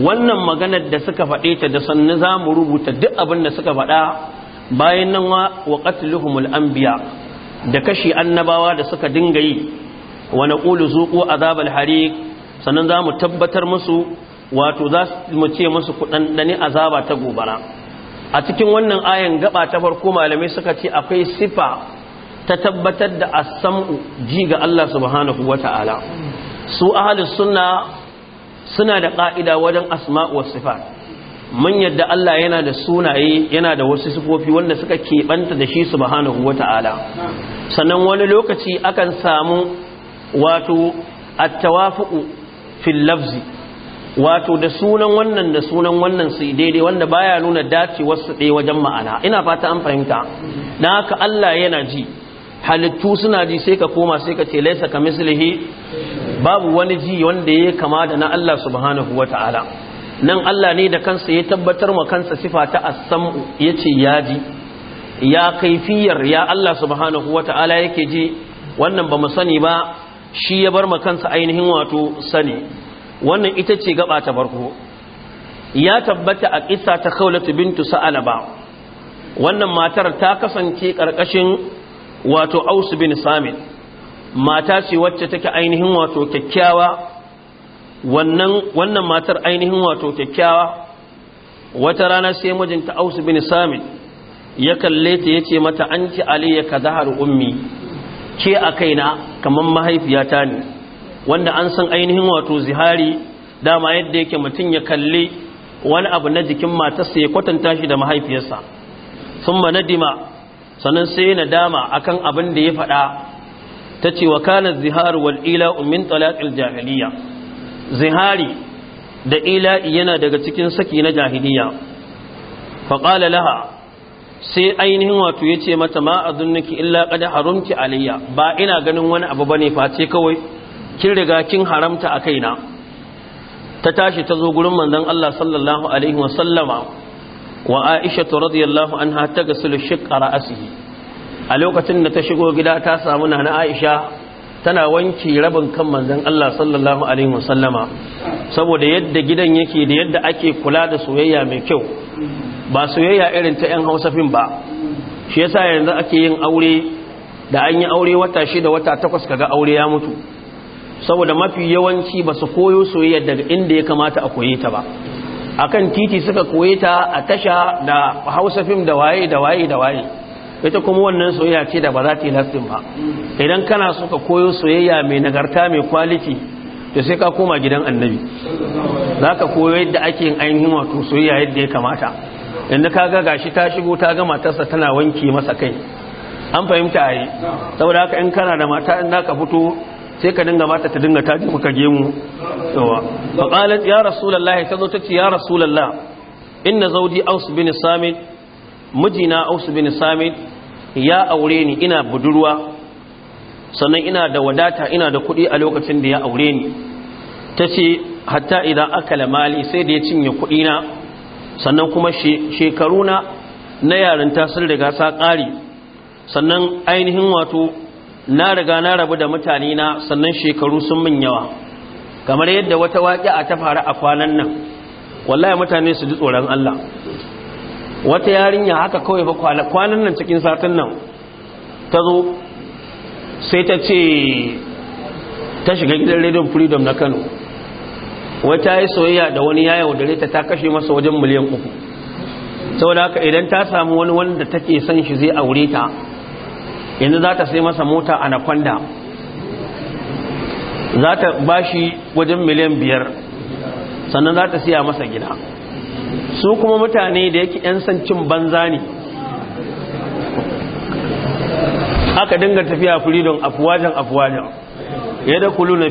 A: wannan maganar da suka faɗe ta da sannu za mu rubuta duk abin da suka faɗa bayan nan wa qatluhumul anbiya da kashi annabawa da suka dinga yi wa naqulu zuqu azabal hari sannan za mu tabbatar musu wato za mu ce musu kuɗanɗani azaba ta gobara a cikin wannan ayan gaba ta farko malamai suka ce akwai sifa ta tabbatar da a samu ji ga Allah subhanahu ta’ala su ahlus sunna suna da ƙa'ida wajen asma'u wa sifat mun yadda Allah yana da sunaye yana da wasu sifofi wanda suka keɓanta da shi subhanahu wa ta'ala. sannan wani lokaci akan samu wato a tawafi’u fillafzi wato da sunan wannan da sunan wannan su daidai wanda baya nuna dacewar su ɗaya wajen ma'ana ina fata an fahimta na haka Allah yana ji halittu suna ji sai ka koma sai ka ce laisa ka mislihi babu wani ji wanda ya kama da na Allah subhanahu Ta'ala nan Allah ne da kansa ya tabbatar ma kansa sifa ta asam ya ce ya ji ya kaifiyar ya Allah subhanahu Ta'ala yake ji wannan ba mu sani ba shi ya bar ma kansa ainihin wato sani wannan ita ce gaba ta farko ya tabbata a kissa ta Khawlatu bintu Sa'alaba wannan matar ta kasance karkashin wato aus bin samit mata ce wacce take ainihin wato kyakkyawa wannan matar ainihin wato kyakkyawa wata rana sai mijinta aus bin samit ya kalle ta yace mata anti Ali ka zahar ummi ke a kaina kamar mahaifiyata ne wanda an san ainihin wato zihari dama yadda yake mutum ya kalle wani abu na jikin matarsa ya kwatanta shi da mahaifiyarsa sun nadima sannan sai na dama kan abin da ya faɗa ta ce wa kanar zihar wal ila umin talaƙil jahiliya zihari da ila yana daga cikin saki na jahiliya faƙala laha sai ainihin wato ya ce mata ma a illa ƙada haramci aliyya ba ina ganin wani abu ba ne face kawai kin riga kin haramta a kaina ta tashi ta zo gurin manzon Allah sallallahu alaihi wasallama wa aisha radiyallahu anha ta gasul a ra'sihi a lokacin da ta shigo gida ta samu nana aisha tana wanki rabin kan manzon Allah sallallahu alaihi wasallama saboda yadda gidan yake da yadda ake kula da soyayya mai kyau ba soyayya irin ta yan fim ba shi yasa yanzu ake yin aure da an yi aure wata shida wata takwas kaga aure ya mutu saboda mafi yawanci ba su koyo soyayya daga inda ya kamata a koye ta ba akan titi suka koye ta a tasha da hausa fim da waye da waye da waye ita kuma wannan soyayya ce da ba za ta yi lastin ba idan kana so ka koyo soyayya mai nagarta mai kwaliti to sai ka koma gidan annabi za ka koyo yadda ake yin ainihin wato soyayya yadda ya kamata inda ka ga gashi ta shigo ta ga matarsa tana wanke masa kai an fahimta yi saboda haka in kana da mata in ka fito sai ka dinga mata ta dinga taji maka gemu yawa fa qalat ya rasulullahi tazo tace ya rasulullah inna zawji aus bin samit mijina aus bin samit ya aure ni ina budurwa sannan ina da wadata ina da kuɗi a lokacin da ya aure ni tace hatta idan akala mali sai da ya cinye kuɗi na sannan kuma shekaru na yarinta sun riga sa ƙari sannan ainihin wato na riga na rabu da mutane na sannan shekaru sun min yawa kamar yadda wata a ta faru a kwanan nan wallahi mutane su ji tsoron Allah wata yarinya haka kawai ba kwanan nan cikin satin nan ta zo sai ta ce ta shiga gidan radio freedom na Kano wata yi soyayya da wani yayi yaudare ta ta kashe masa wajen miliyan uku saboda haka idan ta samu wani wanda take son shi zai aure ta yanzu za ta sai masa mota anaconda za ta bashi wajen miliyan biyar sannan za ta siya masa gida su kuma mutane da yake 'yan sancin banza ne aka dinga tafiya freedom afuwajen afuwajen da kulu na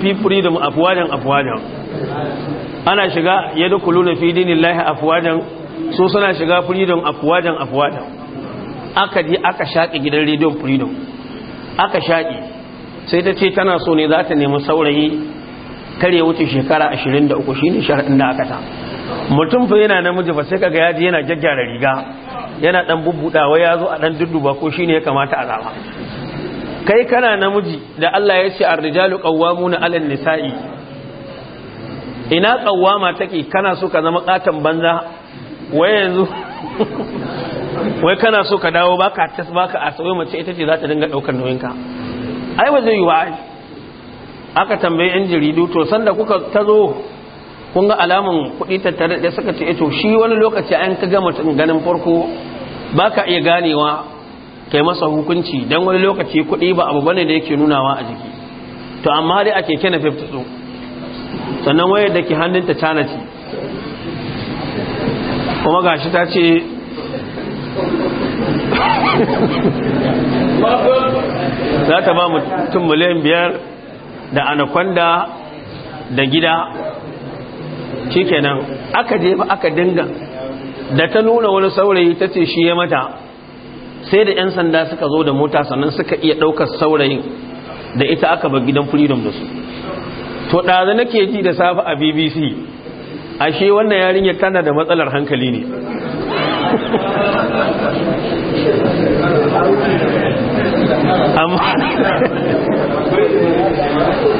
A: fi freedom afuwajen afuwajen ana shiga da kulu na fi dinin lahi afuwajen su suna shiga freedom afuwajen afuwajen aka je aka shaƙi gidan rediyon freedom aka shaƙi sai ta ce tana so ne za ta nemi saurayi kare wuce shekara 23 ne shari'in da aka ta mutum fa yana namiji ba sai kaga yaji yana jaggyara riga yana dan bubbudawa zo a dan dudduba ko shi ne ya kamata a zama kai kana namiji da Allah ya ce ar-rijalu qawwamuna 'alan nisa'i ina qawwama take kana so ka zama katan banza wayanzu. yanzu wai kana so ka dawo baka tas baka a sauye mace ita ce za ta dinga daukar ka ai ba zai yi wa aka tambaye yan jaridu to sanda kuka tazo kun ga alaman kuɗi tattare da suka ce eh, to shi wani lokaci an ka ga mutum ganin farko baka iya ganewa kai masa hukunci dan wani lokaci kuɗi ba abu bane da yake nunawa a jiki to amma dai ake kena fifty tso sannan wayar da ke hannunta cana ce kuma gashi ta ce za ta ba mutum miliyan biyar da anaconda da gida kenan aka je aka dinga da ta nuna wani saurayi ta ce shi ya mata sai da 'yan sanda suka zo da mota sannan suka iya ɗaukar saurayin da ita aka bar gidan freedom da su to ɗaza nake ji da safi a bbc ashe wannan yarinyar tana da matsalar hankali ne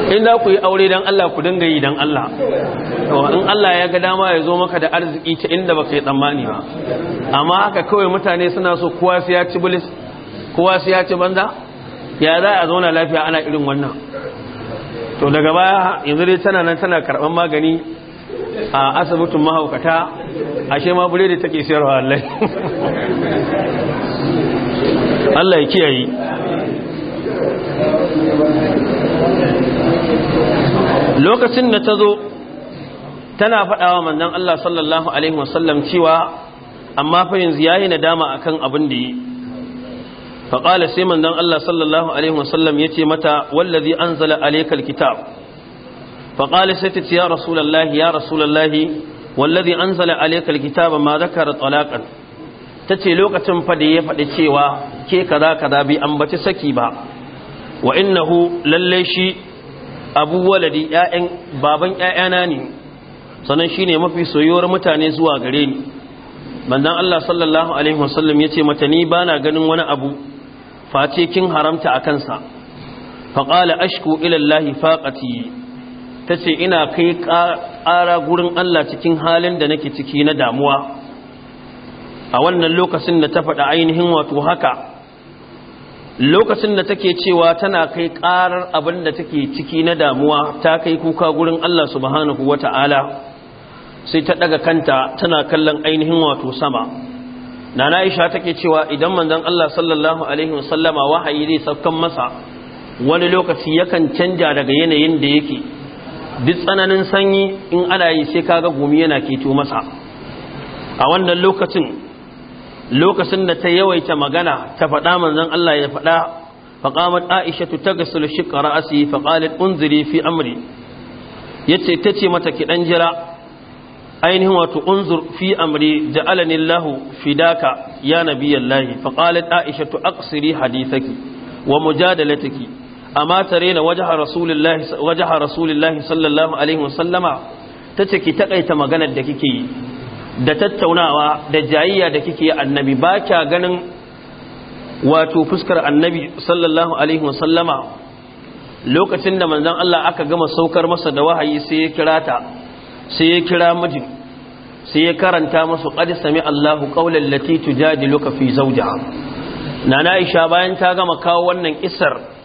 A: in za ku yi aure don Allah ku dinga yi don Allah in Allah ya ga dama ya zo maka da arziki ta inda baka yi tsammani ba amma haka kawai mutane suna so kowa su ya ci bulis kowa su ya ci banza ya za a zauna lafiya ana irin wannan to daga baya yanzu dai tana nan tana karɓar magani a asibitin mahaukata ashe ma buredi take siyarwa allai. Allah ya lokacin da ta zo tana faɗawa mandan Allah sallallahu alaihi wasallam cewa amma fa yanzu yayi nadama akan abin da yi fa sai mandan Allah sallallahu alaihi wasallam ya ce mata wallazi anzala alaykal kitab فقال ستت يا رسول الله يا رسول الله والذي أنزل عليك الكتاب ما ذكر طلاقا تتي لوكة فدي يفدي تيوا كي كذا كذا بي أنبت سكيبا وإنه لليشي أبو ولدي يائن بابن يائناني sannan shine mafi soyuwar mutane zuwa gare ni bandan Allah sallallahu alaihi wasallam yace mata ni bana ganin wani abu face kin haramta akan sa faqala ashku ila Allah faqati ta ce ina kai ƙara gurin Allah cikin halin da nake ciki na damuwa a wannan lokacin da ta faɗa ainihin wato haka lokacin da take cewa tana kai ƙarar abin da take ciki na damuwa ta kai kuka gurin Allah subhanahu wata'ala sai ta ɗaga kanta tana kallon ainihin wato sama nana Aisha take cewa idan manzon Allah sallallahu alaihi wasallama wahayi zai saukan masa wani lokaci yakan canja daga yanayin da yake duk tsananin sanyi in ana yi sai kaga gumi yana keto masa a wannan lokacin lokacin da ta yawaita magana ta faɗa manzon Allah ya faɗa faqamat aisha taghsil shiqqa ra'si faqalat unziri fi amri yace tace mata ki dan jira ainihin wato unzur fi amri ja'alani Allah fidaka ya nabiyallahi faqalat aisha aqsiri hadithaki wa mujadalataki amma tare na wajaha rasulullahi wajaha rasulullahi sallallahu alaihi wasallama tace ki takaita maganar da kike yi da tattaunawa da jayayya da kike annabi ba kya ganin wato fuskar annabi sallallahu alaihi wasallama lokacin da manzon Allah aka gama saukar masa da wahayi sai ya kira ta sai ya kira miji sai ya karanta masu qad sami Allahu qawlan lati tujadiluka fi zawjiha nana Aisha bayan ta gama kawo wannan kissar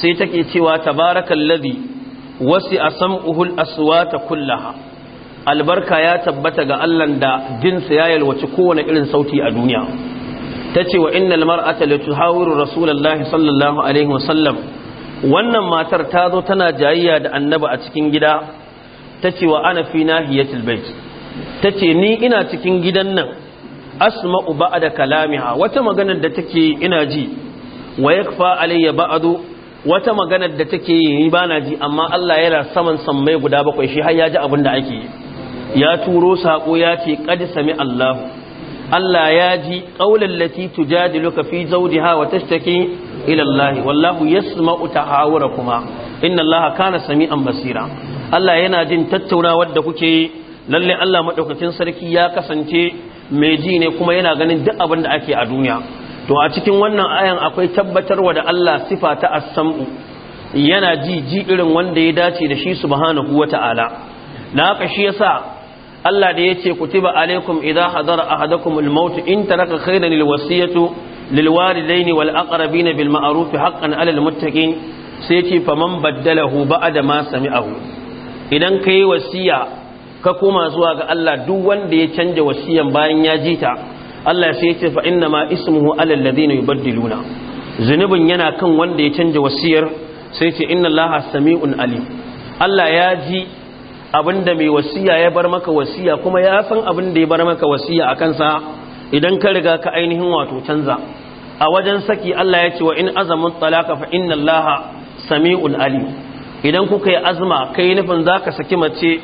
A: sai take cewa tabarakallazi wasi asam'uhul aswata kullaha albarka ya tabbata ga Allah da jinsa ya yalwaci kowane irin sauti a duniya tace wa innal mar'ata latuhawiru rasulullahi sallallahu alaihi wasallam wannan matar ta zo tana jayayya da annabi a cikin gida tace wa ana fi nahiyatil bait tace ni ina cikin gidan nan asma'u ba'da kalamiha wata maganar da take ina ji wa yakfa alayya ba'du wata maganar da take yi ba na ji amma Allah yana saman sammai guda bakwai shi har ya ji abin da ake yi ya turo sako ya ce qad sami Allah Allah ya ji qaulal lati tujadiluka fi zawjiha wa tashtaki ila Allah wallahu yasma'u tahawurakuma inna Allah kana sami'an basira Allah yana jin tattaunawar da kuke yi lalle Allah madaukakin sarki ya kasance mai ji ne kuma yana ganin duk abin da ake a duniya to a cikin wannan ayan akwai tabbatarwa da Allah sifa ta as-sam'u yana ji ji irin wanda ya dace da shi subhanahu wata'ala naka haka shi yasa Allah da yace kutiba alaikum idza hadara ahadakum al-maut in taraka khayran lil-wasiyatu lil-walidayni wal-aqrabina bil ma'ruf haqqan 'alal muttaqin sai yace faman baddalahu ba'da ma sami'ahu idan kai wasiya ka koma zuwa ga Allah duk wanda ya canja wasiyan bayan ya jita Allah sai ya ce fa inna ma ismuhu alal ladina yubaddiluna zunubin yana kan wanda ya canja wasiyar sai ce inna Allaha sami'un alim Allah ya ji abinda mai wasiya ya bar maka wasiya kuma ya san abinda ya bar maka wasiya a kansa idan ka riga ka ainihin wato canza a wajen saki Allah ya ce wa in azamin talaka fa inna Allaha sami'un alim idan kuka yi azma kai nufin zaka saki mace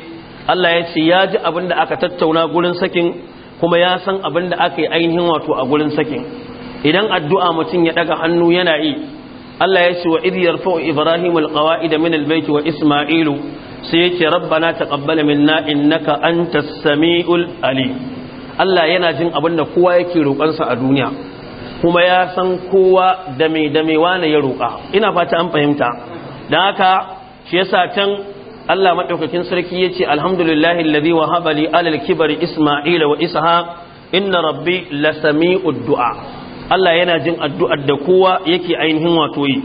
A: Allah ya ce ya ji abinda aka tattauna gurin sakin kuma ya san abin da aka yi ainihin wato a gurin sakin idan addu'a mutum ya daga hannu yana yi Allah ya ce wa idh yarfa'u ibrahim alqawa'ida min albayt wa isma'ilu sai yake rabbana taqabbal minna innaka antas samiul ali Allah yana jin abin da kowa yake roƙonsa a duniya kuma ya san kowa da me da me wani ya roƙa ina fata an fahimta dan haka shi yasa can Allah maɗaukakin sarki ya ce alhamdulillahi alladhi wa li alal kibar isma'ila wa ishaq inna rabbi sami'u du'a Allah yana jin addu'ar da kowa yake ainihin wato yi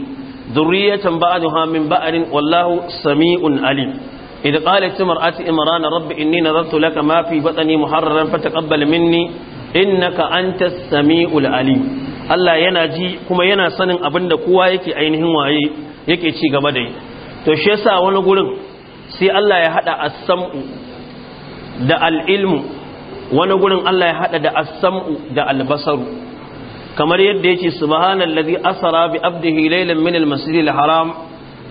A: zurriyatan ba'daha min ba'rin wallahu sami'un alim إذ قالت امرأة إمران رب إني نظرت لك ما في بطني محررا فتقبل مني إنك أنت السميع العليم Allah yana ji kuma yana sanin abin da kowa yake ainihin waye yake ci gaba da yi to shi yasa wani gurin sai Allah ya hada as-sam'u da al-ilmu wani gurin Allah ya hada da as-sam'u da al-basaru kamar yadda yake subhanallazi asra bi abdihi laylan min al-masjidil haram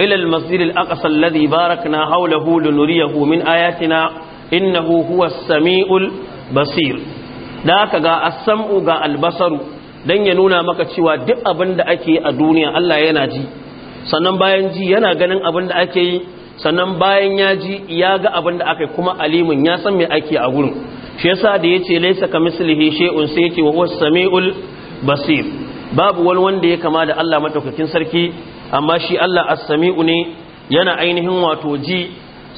A: ila al-masjidil aqsa alladhi barakna hawlahu linuriyahu min ayatina innahu huwas samiul basir da haka ga as-sam'u ga al-basaru dan ya nuna maka cewa duk abin da ake a duniya Allah yana ji sannan bayan ji yana ganin abin da ake yi sannan bayan ya ji ya ga abin da aka yi kuma alimin ya san mai aiki a gurin shi yasa da yace laysa kamislihi shay'un sai yace wa huwas samiul basir babu wani wanda ya kama da Allah madaukakin sarki amma shi Allah as-sami'u ne yana ainihin wato ji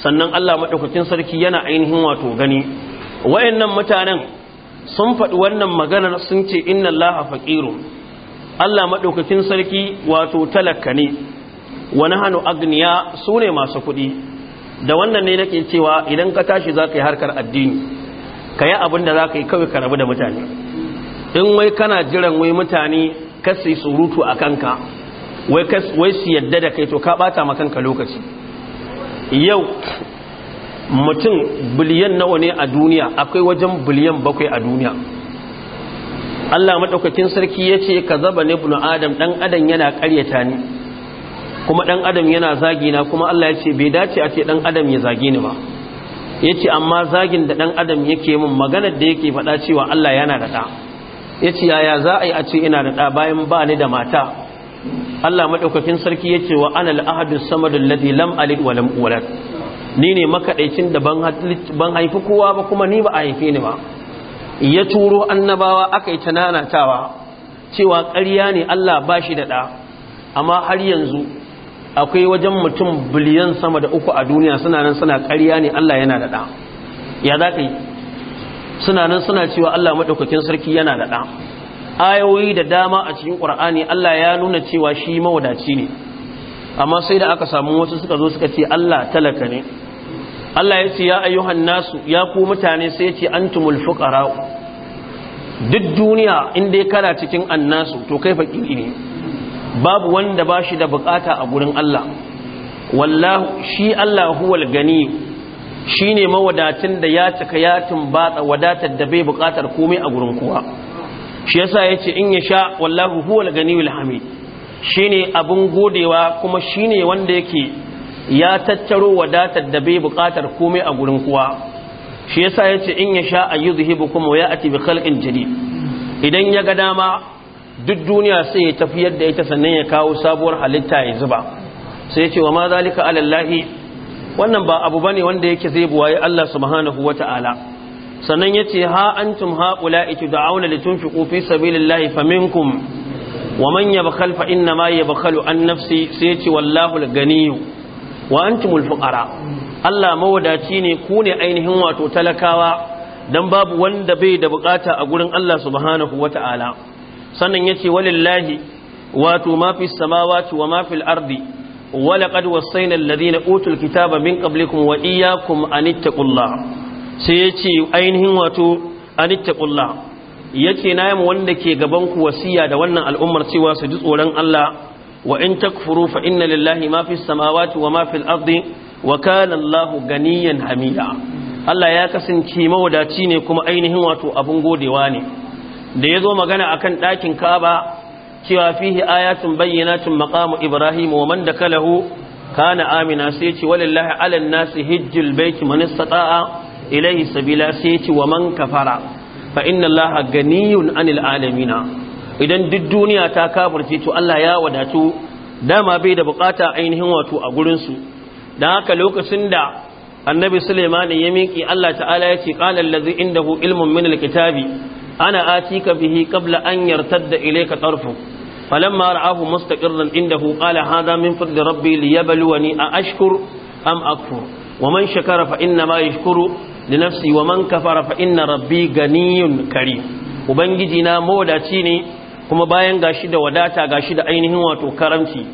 A: sannan Allah madaukakin sarki yana ainihin wato gani wayannan mutanen sun faɗi wannan magana sun ce inna Allah faqirun Allah madaukakin sarki wato talakka ne wani hannu agniya sune masu kuɗi da wannan ne nake cewa idan ka tashi zaka yi harkar addini ka yi abin da za yi kawai ka rabu da mutane in wai kana jiran wai mutane ka sai surutu a kanka wai su yadda da kai to ka bata ma kanka lokaci yau mutum biliyan nawa ne a duniya akwai wajen biliyan bakwai a duniya Allah madaukakin sarki ya ce ka zaba adam ɗan adam yana ƙaryata ni kuma ɗan adam yana zagi na kuma Allah ya ce bai dace a ce dan adam ya zagi ni ba yace amma zagin da ɗan adam yake min maganar da yake faɗa cewa Allah yana da ɗa yace yaya za a yi a ce ina da ɗa bayan ba ni da mata Allah maɗaukakin sarki yace wa anal ahadu samad alladhi lam alid wa lam ulad ni ne makaɗaicin da ban haifi kowa ba kuma ni ba a haife ni ba ya turo annabawa aka yi ta nanatawa cewa ƙarya ne Allah ba shi da ɗa amma har yanzu akwai wajen mutum biliyan sama da uku a duniya suna nan suna ƙarya ne Allah yana da ɗan ya za ka yi suna nan suna cewa Allah maɗaukakin sarki yana da ɗan ayoyi da dama a cikin ƙur'ani Allah ya nuna cewa shi mawadaci ne amma sai da aka samu wasu suka zo suka ce Allah talaka ne Allah ya ce ya ayyuhan nasu ya ku mutane sai ya ce antumul fuqara duk duniya in dai kana cikin annasu to kai fakiri ne babu wanda ba shi da bukata a gurin Allah wallahu shi Allah huwal gani shi ne mawadatin da ya cika ya tumbatsa wadatar da bai bukatar komai a gurin kowa shi yasa ya ce in ya sha wallahu huwal gani wilhamid shi ne abin godewa kuma shi ne wanda yake ya tattaro wadatar da bai bukatar komai a gurin kowa shi yasa ya ce in ya sha ayyuzhibukum wa ya bi khalqin jadid idan ya ga dama duk duniya sai ya tafi yadda ita sannan ya kawo sabuwar halitta ya zuba sai ya ce wa ma zalika alallahi wannan ba abu bane wanda yake zai buwaye Allah subhanahu wata'ala sannan yace ha antum da tud'auna litunfiqu fi sabilillahi faminkum wa man yabkhal fa inna ma yabkhalu an nafsi sai yace wallahu al wa antumul fuqara Allah mawadaci ne ku ne ainihin wato talakawa dan babu wanda bai da bukata a gurin Allah subhanahu wata'ala sannan yace walillahi wato ma fi samawati wa ma fil ardi wa laqad wasaina alladhina utul kitaba min qablikum wa iyyakum an ittaqullah sai yace ainihin wato an ittaqullah yace na yi wanda ke gaban ku wasiya da wannan al'ummar cewa su ji tsoron Allah wa in takfuru fa inna lillahi ma fi samawati wa ma fil ardi wa kana Allahu ganiyan hamida Allah ya kasance mawadaci ne kuma ainihin wato abun godewa ne da ya zo magana a kan ɗakin kaba cewa fihi ayatun bayyanatun maqamu ibrahim wa man dakalahu kana amina sai ce walillahi alal nasi hijjul baiti man istata'a ilayhi sabila sai ce wa man kafara fa inna allaha ganiyun anil alamina idan duk duniya ta kafirce to Allah ya wadatu dama bai da bukata ainihin wato a gurin su dan haka lokacin da annabi sulaiman ya miƙi Allah ta'ala ya ce qala allazi indahu ilmun min alkitabi ana ka bihi qabla an yartadda ilayka tarfu falamma ra'ahu mustaqirran indahu qala hadha min fadli rabbi liyabluwani a ashkur am akfur wa man shakara fa inna ma yashkuru li nafsi wa man kafara fa inna rabbi ganiyun karim ubangiji na mawadaci ne kuma bayan gashi da wadata gashi da ainihin wato karamci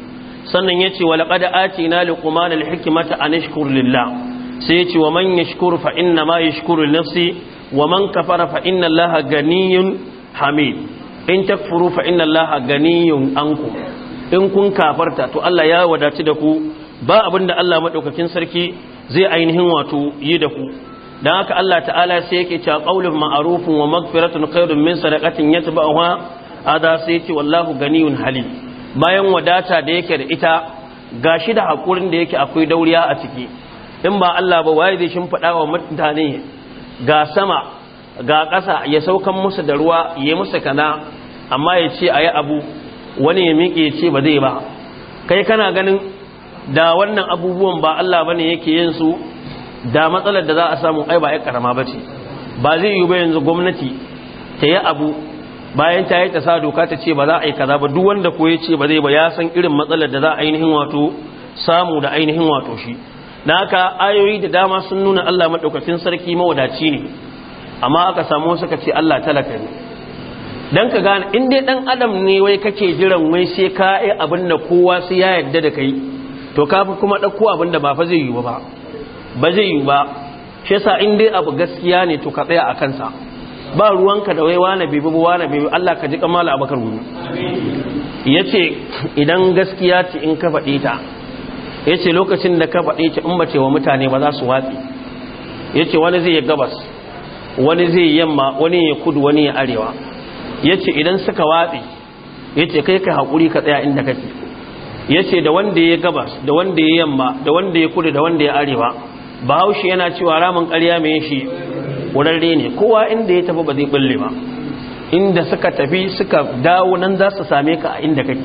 A: sannan yace wa laqad atina liqman alhikmata an ashkur lillah sai yace wa man yashkur fa inna ma yashkuru li nafsi wa man kafara fa inna allaha ganiyun hamid in takfuru fa inna allaha ganiyun anku, in kun kafarta to Allah ya wadaci da ku ba abinda Allah madaukakin sarki zai ainihin wato yi da ku dan haka Allah ta'ala sai yake cewa qaulun ma'rufun wa maghfiratun khairun min sadaqatin yatba'uha ada sai yake wallahu ganiyun halim bayan wadata da yake da ita gashi da hakurin da yake akwai dauriya a ciki in ba Allah ba waye zai shimfida wa mutane ga sama ga ƙasa ya saukan musu da ruwa ya musu kana amma ya ce a yi abu wani ya miƙe ya ce ba zai ba kai kana ganin da wannan abubuwan ba Allah ba ne yake yin su da matsalar da za a samu ai ba ya karama ba ce ba zai yi ba yanzu gwamnati ta yi abu bayan ta yi ta sa doka ta ce ba za a yi kaza ba duk wanda ko ya ce ba zai ba ya san irin matsalar da za a ainihin wato samu da ainihin wato shi na haka ayoyi da dama sun nuna Allah maɗaukacin sarki mawadaci ne amma aka samu wasu ka ce Allah talaka ne Don ka gane in dai dan adam ne wai kake jiran wai sai ka yi abin da kowa su ya yadda da kai to ka kuma ɗauko abin da ba fa zai yi ba ba zai yi ba shi yasa in dai abu gaskiya ne to ka tsaya a kansa ba ruwanka da wai wani bibi ba wani bibi Allah ka ji kamala abakar gudu yace idan gaskiya ce in ka faɗi ta ya ce lokacin da ka faɗi ce in bace wa mutane ba za su watsi ya ce wani zai yi gabas wani zai yamma wani ya kudu wani ya arewa ya ce idan suka watsi ya ce kai ka haƙuri ka tsaya inda kake ya ce da wanda ya gabas da wanda ya yamma da wanda ya kudu da wanda ya arewa bahaushe yana cewa ramin ƙarya mai shi wurare ne kowa inda ya tafi ba zai bulle ba inda suka tafi suka dawo nan za su same ka a inda kake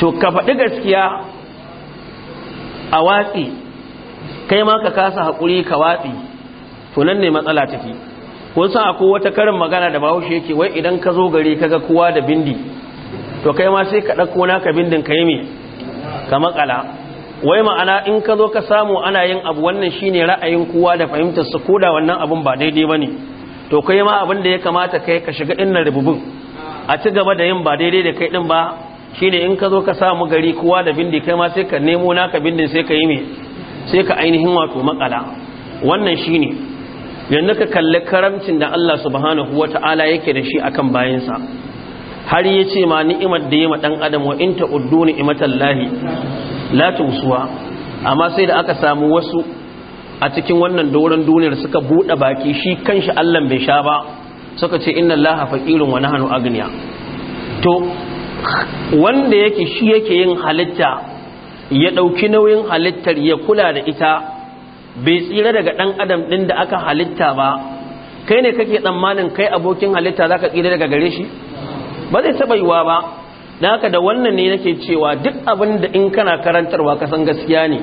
A: to ka faɗi gaskiya a watsi kai ma ka kasa hakuri ka watsi to nan ne matsala take kun san akwai wata karin magana da bahaushe yake wai idan ka zo gari kaga kowa da bindi to kai ma sai ka ɗauko naka bindin ka yi me ka makala wai ma'ana in ka zo ka samu ana yin abu wannan shine ra'ayin kowa da fahimtar su koda wannan abun ba daidai bane to kai ma abin da ya kamata kai ka shiga dinnan rububun a ci gaba da yin ba daidai da kai din ba Shi ne in ka zo ka samu gari kowa da bindi kai ma sai ka nemo naka bindin sai ka yi me sai ka ainihin wato makala wannan shine yadda ka kalli karamcin da Allah subhanahu ta'ala yake da shi akan bayansa har ya ce ma ni'imar da yi ma dan adam wa in ta'uddu ni'matallahi la amma sai da aka samu wasu a cikin wannan doron duniyar suka buɗe baki shi kanshi Allah bai sha ba suka ce inna allaha faqirun wa nahnu agniya to wanda yake shi yake yin halitta ya ɗauki nauyin halittar ya kula da ita bai tsira daga ɗan adam ɗin da aka halitta ba kai ne kake tsammanin kai abokin halitta za ka tsira daga gare shi ba zai taɓa yiwa ba na haka da wannan ne nake cewa duk abin da in kana karantarwa kasan gaskiya ne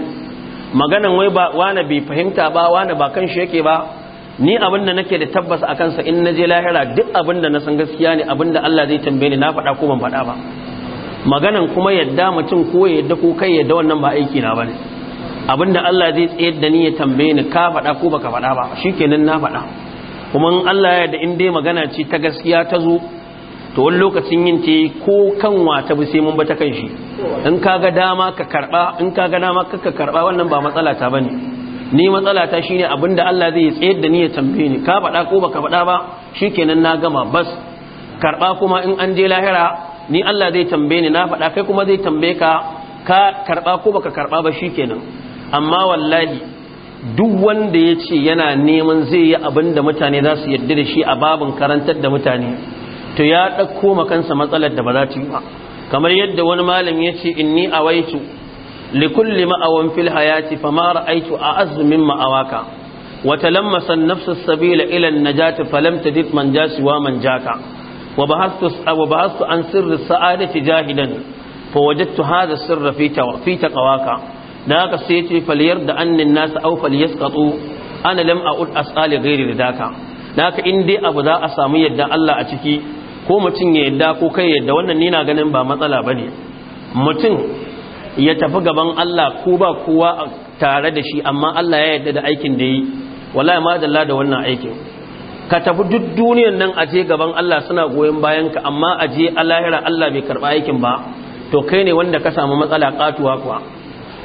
A: maganan wai ba wani bai fahimta ba wani ba kan shi yake ba ni abin da nake da tabbas a kansa in na je lahira duk abin da na san gaskiya ne abin da Allah zai tambaye ni na faɗa ko ban faɗa ba maganan kuma yadda mutum ko ya yadda ko kai yadda wannan ba aiki na bane abin da Allah zai tsayar da ni ya tambaye ni ka faɗa ko baka faɗa ba shikenan na faɗa kuma in Allah ya yarda in dai magana ce ta gaskiya ta zo to wani lokacin yin ta ko kanwa ta bi sai mun ba ta kan shi in ka ga dama ka karɓa in ka ga dama ka karɓa wannan ba matsala ta bane ni matsala ta shine abinda Allah zai tsayar da ni ya tambaye ni ka faɗa ko baka faɗa ba shikenan na gama bas karɓa kuma in an je lahira ni Allah zai tambaye ni na faɗa kai kuma zai tambaye ka ka karɓa ko baka karɓa ba shikenan amma wallahi duk wanda ya ce yana neman zai yi abinda mutane za su yarda da shi a babin karantar da mutane to ya ɗauko makansa matsalar da ba za ta yi ba kamar yadda wani malam ya ce inni awaitu likulli ma'awan fil hayati fama ra'aitu a azumin ma'awaka وتلمس النفس السبيل إلى النجاة فلم تجد من جا سوى من جاك وبحثت, وبحثت عن سر السعادة جاهدا فوجدت هذا السر في, في تقواك ذاك سيتي فليرد أن الناس أو فليسقطوا أنا لم أقول أسأل غير ذاك ذاك إندي أبو ذا أسامي يدى الله أتكي ko mutum ya yadda ko kai yadda wannan ni na ganin ba matsala bane mutum ya tafi gaban Allah ko ba kowa tare da shi amma Allah ya yarda da aikin da yi wallahi ma dalla da wannan aikin ka tafi duk duniyar nan a je gaban Allah suna goyon bayan ka amma a je a lahira Allah bai karba aikin ba to kai ne wanda ka samu matsala katuwa kuwa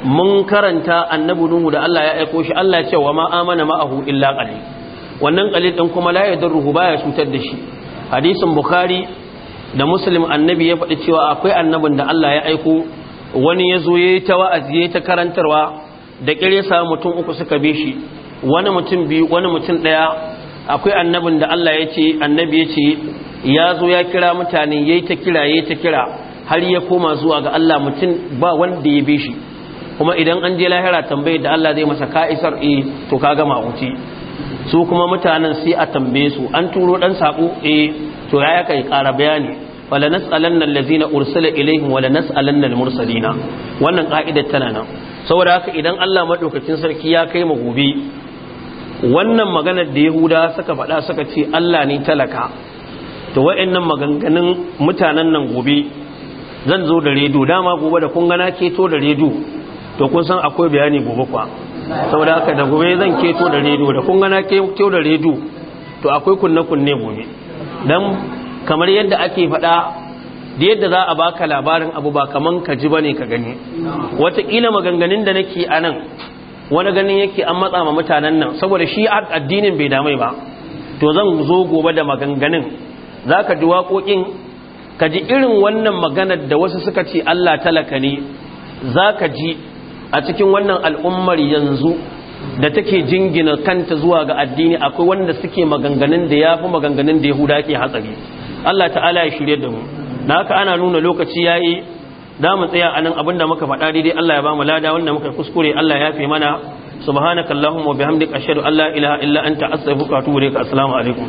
A: mun karanta annabi nuhu da Allah ya aiko shi Allah ya ce wa ma amana ma'ahu illa qalil wannan qalil din kuma la yadurruhu ya cutar da shi hadisin bukhari da muslim annabi ya faɗi cewa akwai annabin da Allah ya aiko wani ya zo ya yi ta wa'azi ya yi ta karantarwa da kere sa mutum uku suka bi shi wani mutum biyu wani mutum ɗaya akwai annabin da Allah ya ce annabi ya ce ya zo ya kira mutane ya yi ta kira ya yi ta kira har ya koma zuwa ga Allah mutum ba wanda ya bi shi kuma idan an je lahira tambayar da Allah zai masa ka'isar e eh, to ka gama wuce su kuma mutanen sai a tambaye su an turo ɗan sako e eh, to ya kai ƙara bayani wala nas'alanna allazina ursila ilaihim wala nas'alanna almursalina wannan ka'idar tana nan saboda haka idan Allah madaukakin sarki ya kai mu gobe wannan maganar da Yahuda suka faɗa suka ce Allah ne talaka to wa'annan maganganun mutanen nan gobe zan zo da redo dama gobe da kun gana keto da redo to kun san akwai bayani gobe kwa saboda haka da gobe zan keto da redo da kun gana keto da redo to akwai kunne kunne gobe dan kamar yadda ake faɗa da yadda za a baka labarin abu ba kaman ka ji bane ka gani wataƙila maganganun da nake a nan wani ganin yake an matsa ma mutanen nan saboda shi addinin bai damai ba to zan zo gobe da maganganun za ka ji waƙoƙin ka ji irin wannan maganar da wasu suka ce Allah talaka ne za ka ji a cikin wannan al'ummar yanzu da take jingina kanta zuwa ga addini akwai wanda suke maganganun da ya fi maganganun da yahuda ke hatsari Allah ta'ala ya shirye da mu da haka ana nuna lokaci yayi da mu tsaya anan abinda muka faɗa daidai Allah ya ba mu lada wanda muka kuskure Allah ya yafe mana subhanakallahumma wa bihamdika ashhadu an la ilaha illa anta astaghfiruka wa atubu ilaik assalamu alaikum